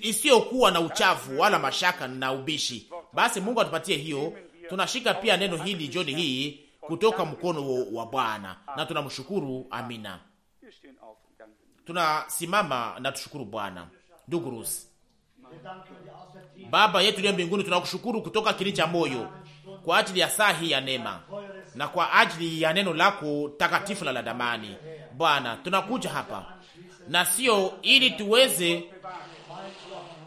[SPEAKER 2] isiyokuwa na uchafu wala mashaka na ubishi. Basi Mungu atupatie hiyo. Tunashika pia neno hili jioni hii kutoka mkono wa Bwana na tunamshukuru. Amina, tunasimama na tushukuru Bwana. Ndugu Rusi, Baba yetu liyo mbinguni, tunakushukuru kutoka kili cha moyo kwa ajili ya saa hii ya neema na kwa ajili ya neno lako takatifu la ladamani. Bwana, tunakuja hapa na sio ili tuweze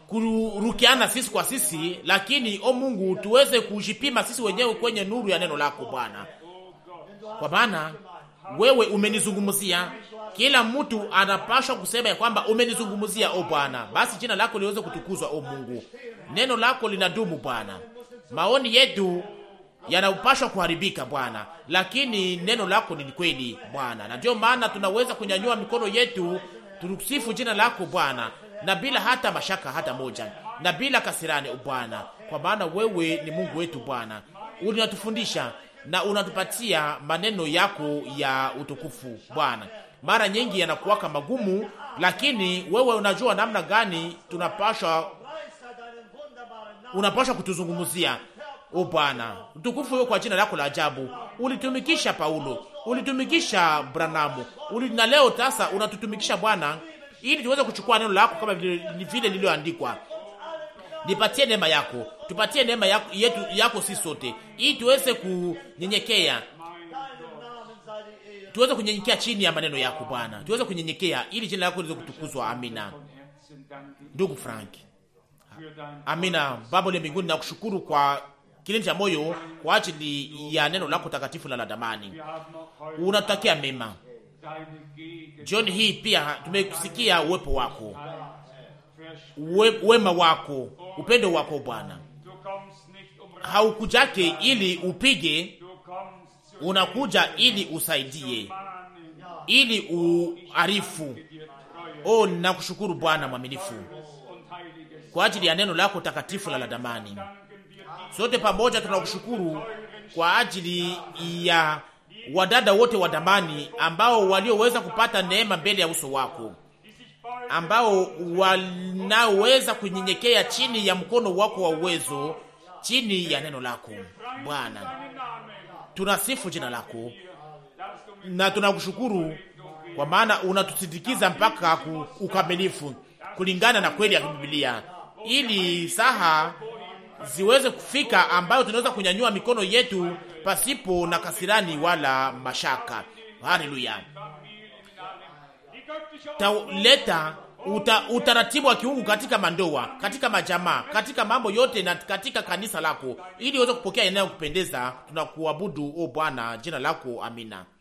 [SPEAKER 2] kurukiana sisi kwa sisi, lakini o Mungu, tuweze kujipima sisi wenyewe kwenye nuru ya neno lako Bwana, kwa maana wewe umenizungumzia. Kila mtu anapashwa kusema ya kwamba umenizungumzia, o Bwana. Basi jina lako liweze kutukuzwa, o Mungu. Neno lako linadumu Bwana, maoni yetu yanapashwa kuharibika Bwana, lakini neno lako ni kweli Bwana, na ndio maana tunaweza kunyanyua mikono yetu tukusifu jina lako Bwana, na bila hata mashaka hata moja, na bila kasirani Bwana, kwa maana wewe ni Mungu wetu Bwana, unatufundisha na unatupatia maneno yako ya utukufu Bwana. Mara nyingi yanakuwaka magumu, lakini wewe unajua namna gani tunapashwa unapashwa kutuzungumzia O Bwana, utukufu wewe kwa jina lako la ajabu. Ulitumikisha Paulo, ulitumikisha Branamu, uli na leo sasa unatutumikisha Bwana, ili tuweze kuchukua neno lako kama vile lilioandikwa. Nipatie neema yako, tupatie neema yako yetu yako sisi sote, ili tuweze kunyenyekea, tuweze kunyenyekea chini ya maneno yako Bwana, tuweze kunyenyekea ili jina lako liweze kutukuzwa. Amina. Ndugu Frank, amina. Baba wa mbinguni, nakushukuru kwa kile cha moyo kwa ajili ya neno lako takatifu na la damani. Unatutakia mema jioni hii, pia tumekusikia uwepo wako, we, wema wako, upendo wako Bwana. Haukujake ili upige, unakuja ili usaidie, ili uarifu. Oh, nakushukuru Bwana mwaminifu kwa ajili ya neno lako takatifu la ladamani. Sote pamoja tunakushukuru kwa ajili ya wadada wote wa damani ambao walioweza kupata neema mbele ya uso wako, ambao wanaweza kunyenyekea chini ya mkono wako wa uwezo, chini ya neno lako Bwana. Tunasifu jina lako na tunakushukuru kwa maana unatusindikiza mpaka ukamilifu kulingana na kweli ya Biblia, ili saha ziweze kufika, ambayo tunaweza kunyanyua mikono yetu pasipo na kasirani wala mashaka. Haleluya! Tauleta uta, utaratibu wa kiungu katika mandoa, katika majamaa, katika mambo yote na katika kanisa lako, ili uweze kupokea eneo kupendeza. Tunakuabudu o oh Bwana, jina lako amina.